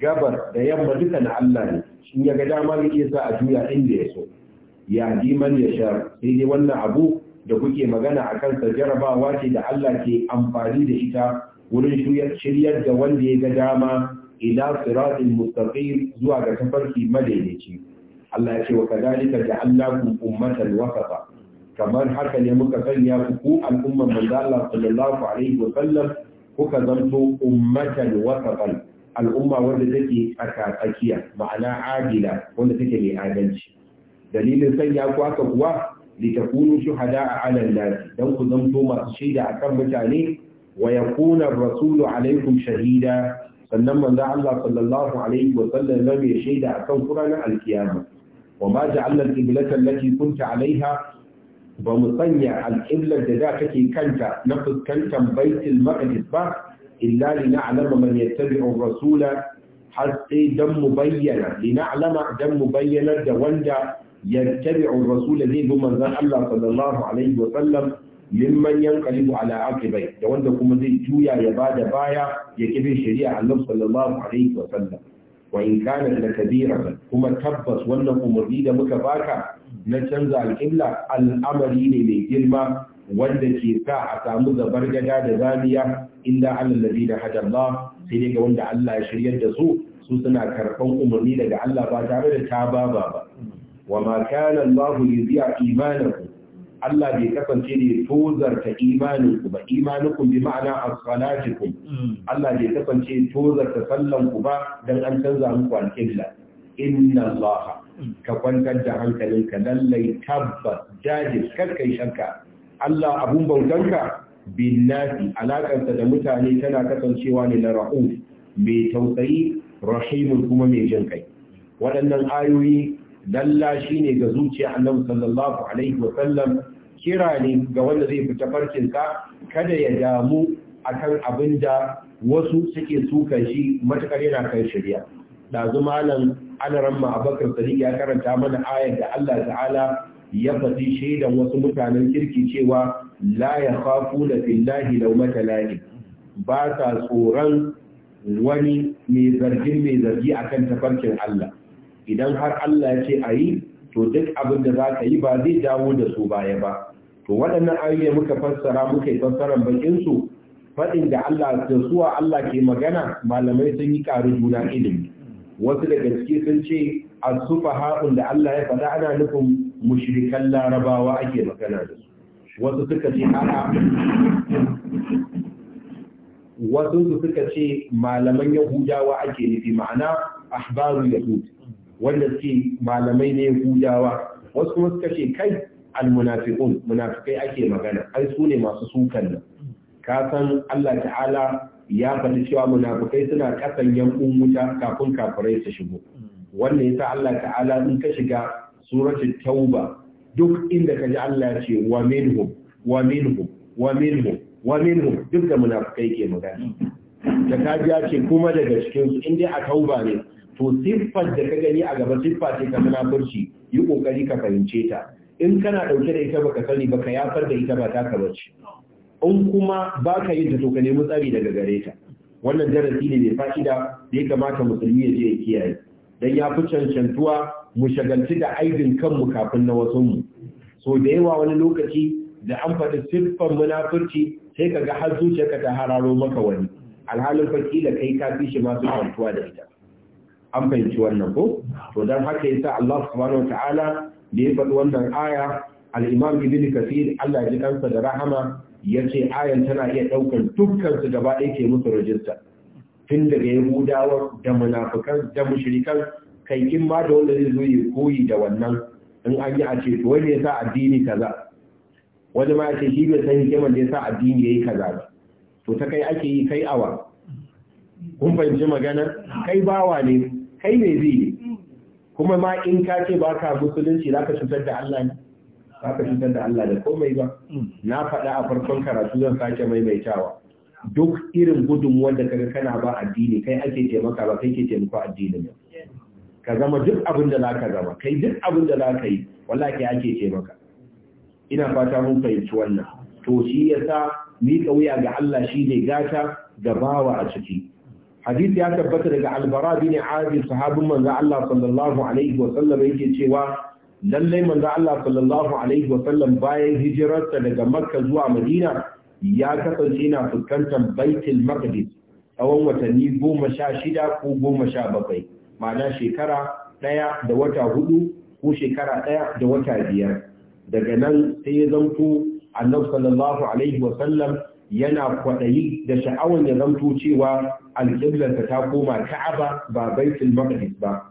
gabar da yamma duka na Allah ne shin ya ga dama ne iya sa a juya inda ya so ya ji man ya sha sai dai wannan abu da kuke magana a kansa jarabawa ce da Allah ke amfani da ita wurin shiryar da wanda ya ga dama ila siratin mustaqim zuwa ga tafarki madaidaici Allah ya ce wa kadalika ja'alnakum ummatan wasata kamar haka ne muka sanya ku ku al'umman manzo Allah sallallahu alaihi wa sallam kuka zanto ummatan wasatan al'umma wanda take a tsakiya ma'ana adila wanda take mai adalci dalilin sanya ku haka kuwa litakunu shuhada ala nas dan ku zanto masu shaida akan mutane wa yakuna ar-rasulu alaikum shahida sannan manzon Allah sallallahu alaihi wa sallam zai mai shaida akan kuranin alkiyama wa ma ja'alna al-qiblata allati kunta alaiha ba mu sanya al-qiblar da da kake kanta na fuskantar baitul maqdis ba illa li na'lama man yattabi'u ar-rasula har sai dan bayyana li na'lama dan mu da wanda yattabi'u ar-rasula zai bi manzon Allah sallallahu alaihi wa sallam mimman yanqalibu ala aqibai da wanda kuma zai juya ya bada baya ya kibe shari'a Allah sallallahu alaihi wa sallam wa in kana la kabira kuma tabbas wannan umarni da muka baka na canza alƙibla al'amari ne mai girma wanda ke sa a samu zabar gada da zaniya inda allazi da hadalla sai ne ga wanda Allah ya shiryar da su su suna karɓar umarni daga Allah ba tare da ta baba ba wa ma kana Allah yuzi'a imanakum Allah bai kasance ne tozarta imaninku ba imanukum bi ma'ana as-salatikum mm. Allah bai kasance tozarta sallanku ba dan an canza muku al-qibla inna Allah mm. ka kwantar da hankalinka lallai tabbas jajis karkai shakka Allah abun bautanka bin nasi alakarsa da mutane tana kasancewa ne na ra'uf mai tausayi rahimun kuma mai jin kai waɗannan ayoyi dalla shine ga zuciya annabi sallallahu alaihi wa sallam kira ne ga wanda zai fita ka. kada ya damu akan abin da wasu suke suka shi matukar yana kai shirya ɗazu malam anaran ma'abakar sadiq ya karanta mana ayar da Allah ta'ala ya faɗi shaidan wasu mutanen kirki cewa la ya khafu la billahi law matalahi ba ta tsoron wani mai zargin mai zargi akan tafarkin Allah idan har Allah ya ce yi, to duk abin da za ka yi ba zai dawo da su baya ba to waɗannan ayoyi muka fassara muka yi fassarar bakin su faɗin da Allah da suwa Allah ke magana malamai sun yi ƙaru juna ilimi wasu daga ciki sun ce as da Allah ya faɗa ana nufin mushrikan larabawa ake magana da su wasu suka ce ana wasu su suka ce malaman yahudawa ake nufi ma'ana ahbaru yahud wanda suke malamai ne yahudawa wasu kuma suka ce kai almunafiqun munafukai ake magana ai sune masu sukan nan ka san Allah ta'ala ya faɗi cewa munafukai suna kasan yankun wuta kafin kafirai su shigo wannan yasa Allah ta'ala in ka shiga suratul tauba duk inda ka ji Allah ya ce wa minhum wa minhum wa minhum wa minhum duk da munafiqai ke magana da ka ji ce kuma daga cikin su in dai a tauba ne to siffar da ka gani a gaba siffa ce ta munafurci yi kokari ka fahimce ta in kana ɗauke da ita baka sani baka yafar da ita ba ka bace in kuma baka yin ta to ka nemi tsari daga gare ta wannan darasi ne mai fa'ida da ya kamata musulmi ya je ya kiyaye dan ya fi cancantuwa mu shagalci da aibin kanmu kafin na mu so da yawa wani lokaci da an faɗi siffan munafurci sai ka ga har ka ta hararo maka wani alhalin fakila kai ka fi shi masu kwantuwa da ita an fahimci wannan ko to don haka yasa Allah subhanahu ta'ala. da ya faɗi wannan aya al-imam ibn kathir Allah ya ji kansa da rahama ya ce ayan tana iya ɗaukar dukkan su gaba ɗaya ke musu rajista tun daga yahudawa da munafukan da mushrikan kai in ma da wanda zai zo ya koyi da wannan in an yi a ce to wani ya sa addini kaza wani ma ya ce shi bai san hikimar da ya sa addini ya yi kaza ba to ta kai ake yi kai awa kun fahimci maganar kai bawa ne kai mai zai ne kuma ma in ka ce ba ka musulunci za ka cutar da Allah ne za ka cutar da Allah da komai ba mm. na faɗa a farkon karatu zan sake maimaitawa duk irin gudun wanda kaga kana ba addini kai ake taimaka ba kai ke taimako addinin ba ka zama duk abin da zaka zama kai duk abin da zaka yi wallahi ke ake taimaka ina fata mun fahimci wannan to shi yasa miƙa wuya ga Allah shine gata ga bawa a ciki hadisi ya tabbata daga albara bin azib sahabin manzo Allah sallallahu alaihi wa sallam yake cewa lallai manzo Allah sallallahu alaihi wa sallam bayan hijirarsa daga Makka zuwa Madina ya kasance yana fuskantar Baitul Maqdis tsawon watanni goma sha shida ko goma sha bakwai ma'ana shekara ɗaya da wata hudu ko shekara ɗaya da wata biyar daga nan sai ya zanto annabi sallallahu alaihi wa sallam yana kwaɗayi da sha'awan ya zamto cewa alƙiblarsa ta koma ka'aba ba baitul maqdis ba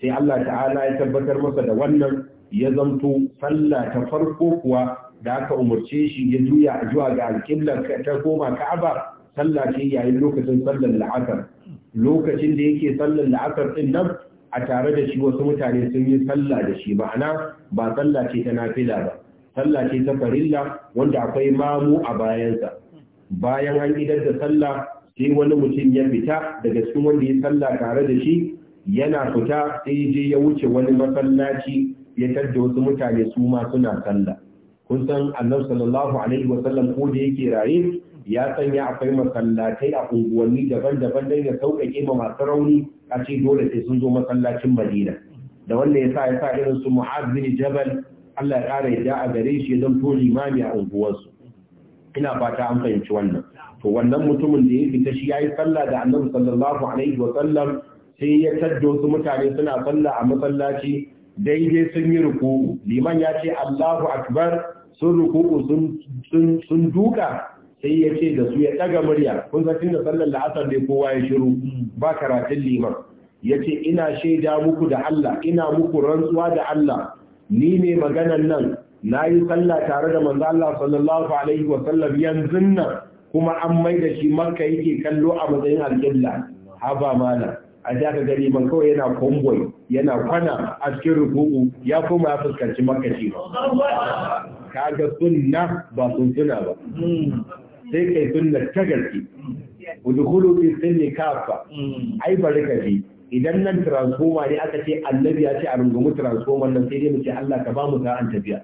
sai Allah ta'ala ya tabbatar masa da wannan ya zamto sallah ta farko kuwa da aka umarce shi ya juya a zuwa ga alƙiblar ta koma ka'aba sallah ce yayin lokacin sallar la'asar lokacin da yake sallar la'asar din nan a tare da shi wasu mutane sun yi sallah da shi ma'ana ba sallah ce ta nafila ba sallah ce ta farilla wanda akwai mamu a bayansa bayan an idar da sallah sai wani mutum ya fita daga cikin wanda ya sallah tare da shi yana fita sai je ya wuce wani masallaci ya tarda wasu mutane su ma suna sallah kun san annabi sallallahu alaihi ko da yake raye ya sanya akwai masallatai a unguwanni daban-daban don ya sauƙaƙe ma masu rauni a ce dole sai sun zo masallacin madina da wanda ya sa ya sa irin su mu'az bin jabal Allah ya ƙara yadda a gare shi ya zanto limami a unguwarsu ina fata an fahimci wannan to wannan mutumin da ya fita shi yayi sallah da Annabi sallallahu alaihi wa sallam sai ya taddo su mutane suna sallah a masallaci daidai sun yi ruku liman ya ce Allahu akbar sun ruku sun sun duka sai ya ce da su ya daga murya kun san tunda sallar la'asar ne kowa ya shiru ba karatun liman ya ce ina shaida muku da Allah ina muku rantsuwa da Allah ni ne maganan nan na yi sallah tare da manzo Allah sallallahu alaihi wa sallam yanzu nan kuma an mai da shi makka yake kallo a matsayin alƙibla haba mana a da ka gari man kawai yana konvoy yana kwana a cikin rubu ya kuma ya fuskanci makka shi ka ga sunna ba sun suna ba sai kai sunna ta gaske udkhulu fi sunni kafa ai bari ji idan nan transformer ne aka ce annabi ya ce a rungumi transformer nan sai dai mu ce Allah ka ba mu sa'an tafiya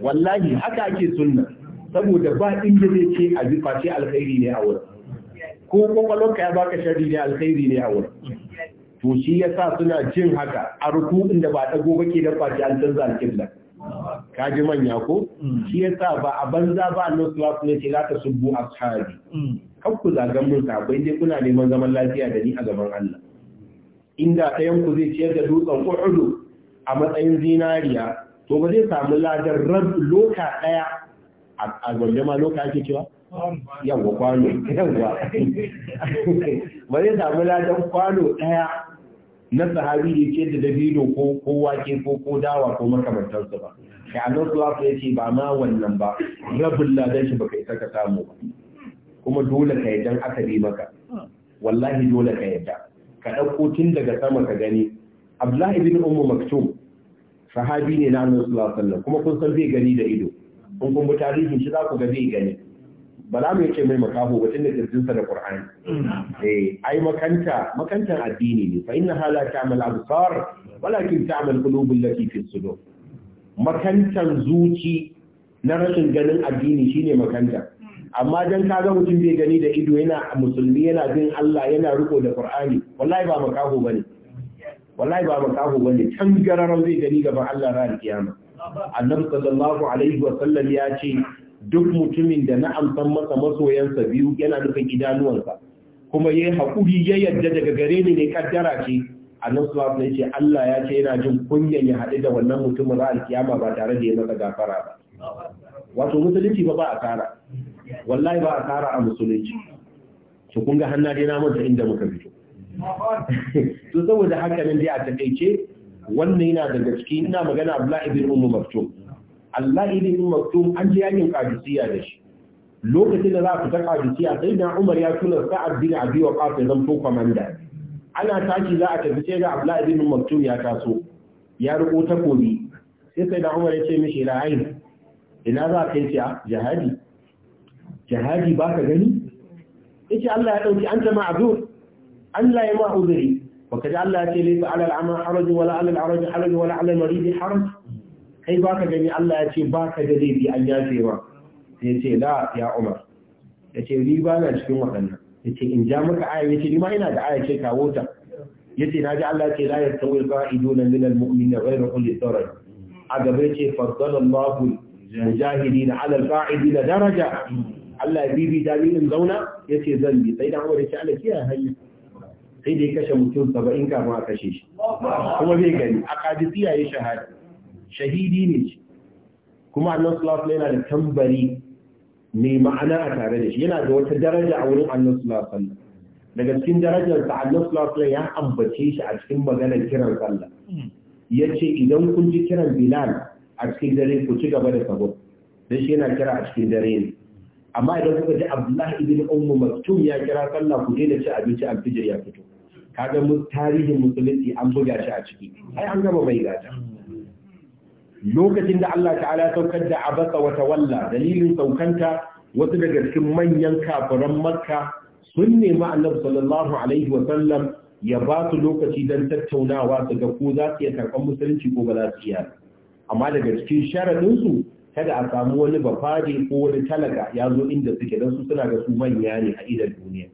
wallahi haka ake sunna saboda ba inda zai ce a bi face alkhairi ne a wurin ko kwakwalwarka ya baka shari ne alkhairi ne a wurin to shi yasa suna jin haka a ruku inda ba ta gobe ke da face an canza alkibla ka ji manya ko mm. shi yasa ba a banza ba annabi sallallahu alaihi wasallam ya ce la ashabi mm. ku zagan mun bai dai kuna neman zaman lafiya da ni a gaban Allah inda ɗayan ku zai ciyar da dutsen Uhud a matsayin zinariya to ba zai samu ladar rab loka ɗaya a gwamnati ma loka ake cewa yawwa kwano yawwa ba zai samu ladan kwano ɗaya na sahabi da ke da dabino ko ko wake ko ko dawa ko makamantarsa ba kai annabi sallallahu alaihi ce ba ma wannan ba rabin ladan shi baka isa ka samu ba kuma dole ka yadda aka bi maka wallahi dole ka yadda ka ɗauko tun daga sama ka gani abdullahi bin ummu maktum sahabi ne na annabi sallallahu alaihi wasallam kuma kun san zai gani da ido in kun bi tarihin shi za ku ga zai gani ba za mu mai makaho ba tunda kirjinsa da qur'ani eh ai makanta makantan addini ne fa inna hala ta'mal absar walakin ta'mal qulub allati fi sudur makantan zuci na rashin ganin addini shine makanta amma dan ka ga mutum bai gani da ido yana musulmi yana bin Allah yana riko da Qur'ani wallahi ba makaho bane wallahi ba makaho bane can gararan zai gani gaban Allah ran kiyama annabi sallallahu alaihi wa sallam ya ce duk mutumin da na amsa masa masoyansa biyu yana nufin idanuwansa kuma yayi hakuri ya yadda daga gare ni ne kaddara ce annabi sallallahu alaihi ce Allah ya ce yana jin kunyan ya haɗu da wannan mutumin ran kiyama ba tare da ya masa gafara ba wato musulunci ba ba a kara wallahi ba a kara a musulunci su kun ga hannu dai na inda muka fito to saboda haka nan dai a takaice wannan yana daga cikin ina magana Abdullah ibn Umm Maktum Allah ibn Umm Maktum an ji yakin Qadisiyya da shi lokacin da za a fita Qadisiyya sai da Umar ya tura Sa'ad bin Abi Waqqas zan to komanda ana taki za a tafi sai da Abdullah ibn Umm Maktum ya taso ya riko takobi sai sai da Umar ya ce mishi ra'ayi ina za ka yi ah, jihadi jihadi ba ka gani yace Allah ya ɗauki dauki anta ma'zur Allah ya ma uzuri baka ji Allah ya ce laysa 'ala al-'ama wala 'ala al-'araj wala 'ala al-marid kai ba ka gani Allah ya ce ba ka da laifi an yafe ma sai ce la ya Umar Ya ce ni ba na cikin waɗannan Ya ce in ja maka aya ce ni ma ina da aya ce kawo ta na ji Allah ya ce la yastawil qa'iduna min al-mu'minina da ulil daraj a gaba yace faddala Allahu al-jahidina Alal al na daraja Allah ya bibi ta in zauna ya ce zan bi sai dan Umar ya ce Allah kiyaye hanya sai da ya kashe mutum saba'in kafin a kashe shi kuma bai gani a kadisi yayi shahada shahidi ne shi kuma annan sulasu yana da tambari mai ma'ana a tare da shi yana da wata daraja a wurin annan sulasu daga cikin darajarsa annan sulasu ya ambace shi a cikin maganar kiran sallah yace idan kun ji kiran bilal a cikin dare ku ci gaba da sabo don shi yana kira a cikin dare ne amma idan kuka ji abdullahi ibn ummu maktum ya kira sallah ku daina ci abinci a alfijir ya fito kaga mu tarihin musulunci an buga shi a ciki ai an gama bai gata lokacin da Allah ta'ala saukar da abasa wa tawalla dalilin saukanta wasu daga cikin manyan kafiran makka sun nemi annabi sallallahu alaihi wa sallam ya ba su lokaci don tattaunawa su ga ko za su iya karɓar musulunci ko ba za su iya amma daga cikin sharaɗinsu kada a samu wani bafari ko wani talaka ya zo inda suke don su suna ga su manya ne a idan duniya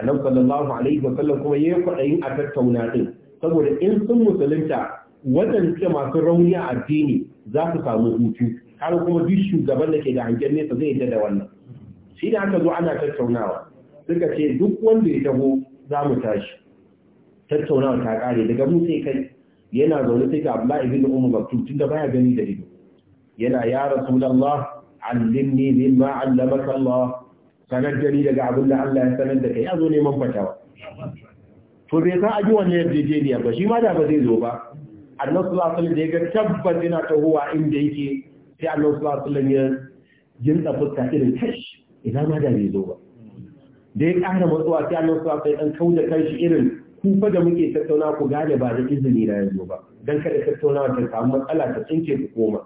annabi sallallahu alaihi wa sallam kuma yayi kwaɗayin a tattauna din saboda in sun musulunta waɗanda masu rauni a addini za su samu hutu har kuma duk shugaban da ke da hangen nesa zai yadda da wannan shi da aka zo ana tattaunawa suka ce duk wanda ya taho za mu tashi tattaunawa ta ƙare daga mu sai kai yana zaune sai ga Abdullahi ibn Umar tun da baya gani da ido yana ya rasulullah allimni mimma allamaka Allah sanar da ni daga abin da Allah ya sanar da kai yazo neman fatawa to bai san aji wannan yarjejeniya ba shi ma da ba zai zo ba annabi sallallahu alaihi wasallam da ya ga tabbas yana tahowa inda yake sai annabi sallallahu alaihi wasallam ya jinta fuska irin tash ina ma da zai zo ba da ya kara matsuwa sai annan suwa sai ɗan kau da kanshi irin kufa da muke tattauna ku gane ba da izini na yanzu ba don kada tattaunawa ta samu matsala ta tsinke ku koma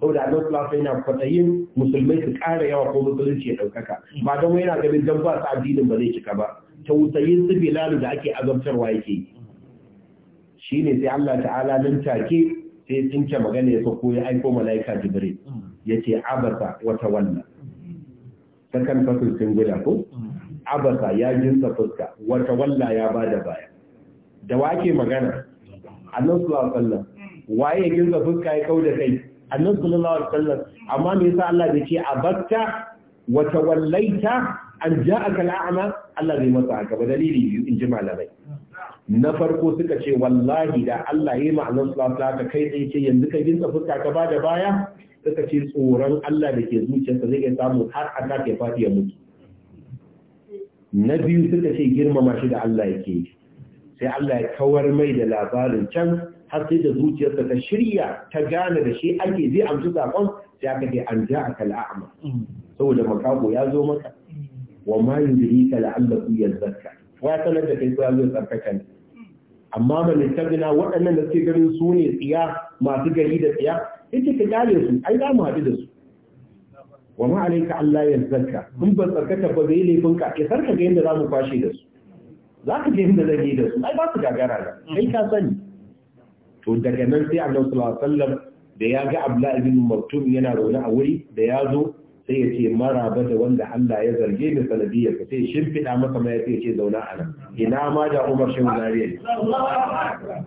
saboda lokacin sallallahu yana kwatayin musulmai su ƙara yawa ko musulunci ya ɗaukaka ba don wai yana ganin don ba su addinin ba zai cika ba tausayin su bilalu da ake azabtarwa yake yi ne sai Allah ta'ala nan take sai tsinke magana ya sako ya aiko mala'ika Jibril ce abasa wa tawalla sakan fasul singular ko abasa ya jinsa fuska wa tawalla ya bada baya da wake magana Allah sallallahu alaihi wasallam waye ya jinsa fuska ya kauda kai annabi sallallahu alaihi wasallam amma me yasa Allah bai ce abatta wa tawallaita an ja'aka al'ama Allah bai masa haka ba dalili biyu in ji malamai na farko suka ce wallahi da Allah yayi ma'anar sallallahu alaihi kai tsaye ce yanzu ka ginsa fuska ka bada baya suka ce tsoron Allah da ke zuciyarsa zai iya samu har Allah ke fadi ya mutu na biyu suka ce girmama shi da Allah yake sai Allah ya kawar mai da labarin can har sai da zuciyarsa ta shirya ta gane da shi ake zai amshi sakon sai aka ce an ja aka la'ama saboda makaho ya zo maka wa ma yudrika la'allahu yazakka wa sanar da kai ko ya zo tsarkaka ne amma man ittagna waɗannan da suke ganin su ne tsiya masu gari da tsiya yace ka gane su ai za mu haɗu da su wa ma alaika Allah yazakka in ba tsarkaka ba zai laifin ka ya sarka ga yadda za mu kwashe da su za ka ga yadda zai da su ai ba su gagara da kai ka sani to daga nan sai annabi sallallahu alaihi wasallam da ya ga abdullahi bin maktum yana rauni a wuri da ya zo sai ya ce maraba da wanda Allah ya zarge ni sanadiyar ka sai shimfiɗa masa ma ya ce zauna a nan ina ma da Umar Shehu Zariya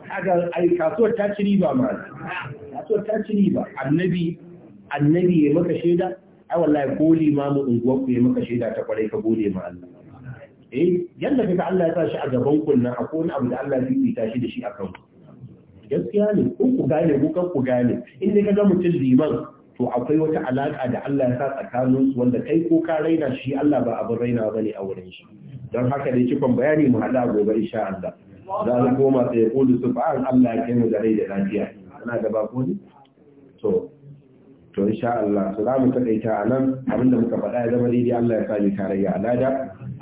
haka ai kasuwar ta ci riba ma kasuwar ta ci riba annabi annabi ya maka shaida ai wallahi ko limamu unguwar ku ya maka shaida ta kwarai ka gode ma Allah eh yanda kaga Allah ya sa shi a gaban kunna akwai wani abu da Allah ya fifita shi da shi akan ku gaskiya ne ko ku gane ku kan ku gane in dai ga mutum liman to akwai wata alaka da Allah ya sa tsakanin su wanda kai ko ka raina shi Allah ba abin raina bane a wurin shi don haka dai cikon bayani mu hada gobe insha Allah za mu koma sai kudu subhan Allah ya kiyaye da rai da lafiya ana da ba ko to to insha Allah to za mu takaita a nan abinda muka faɗa ya zama daidai Allah ya sa mu tarayya alada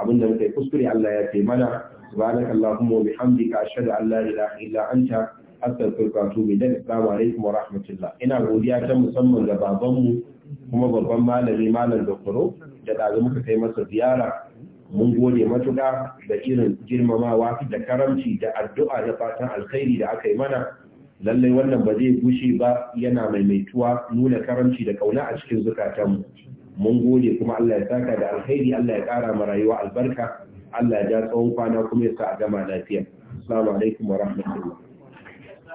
abinda muka yi kuskure Allah ya ce mana subhanakallahumma wa bihamdika ashhadu an la ilaha illa anta astaghfiruka wa atubu ilayk assalamu alaikum wa rahmatullah ina godiya ta musamman ga babanmu kuma babban malami malam dokoro da ɗazu muka kai masa ziyara mun gode matuƙa da irin girmamawa da karamci da addu'a da fatan alkhairi da aka yi mana lallai wannan ba zai gushe ba yana maimaituwa nuna karamci da kauna a cikin zukatanmu mun gode kuma Allah ya saka da alkhairi Allah ya ƙara ma rayuwa albarka Allah ya ja tsawon kwana kuma ya sa a gama lafiya assalamu alaikum wa rahmatullah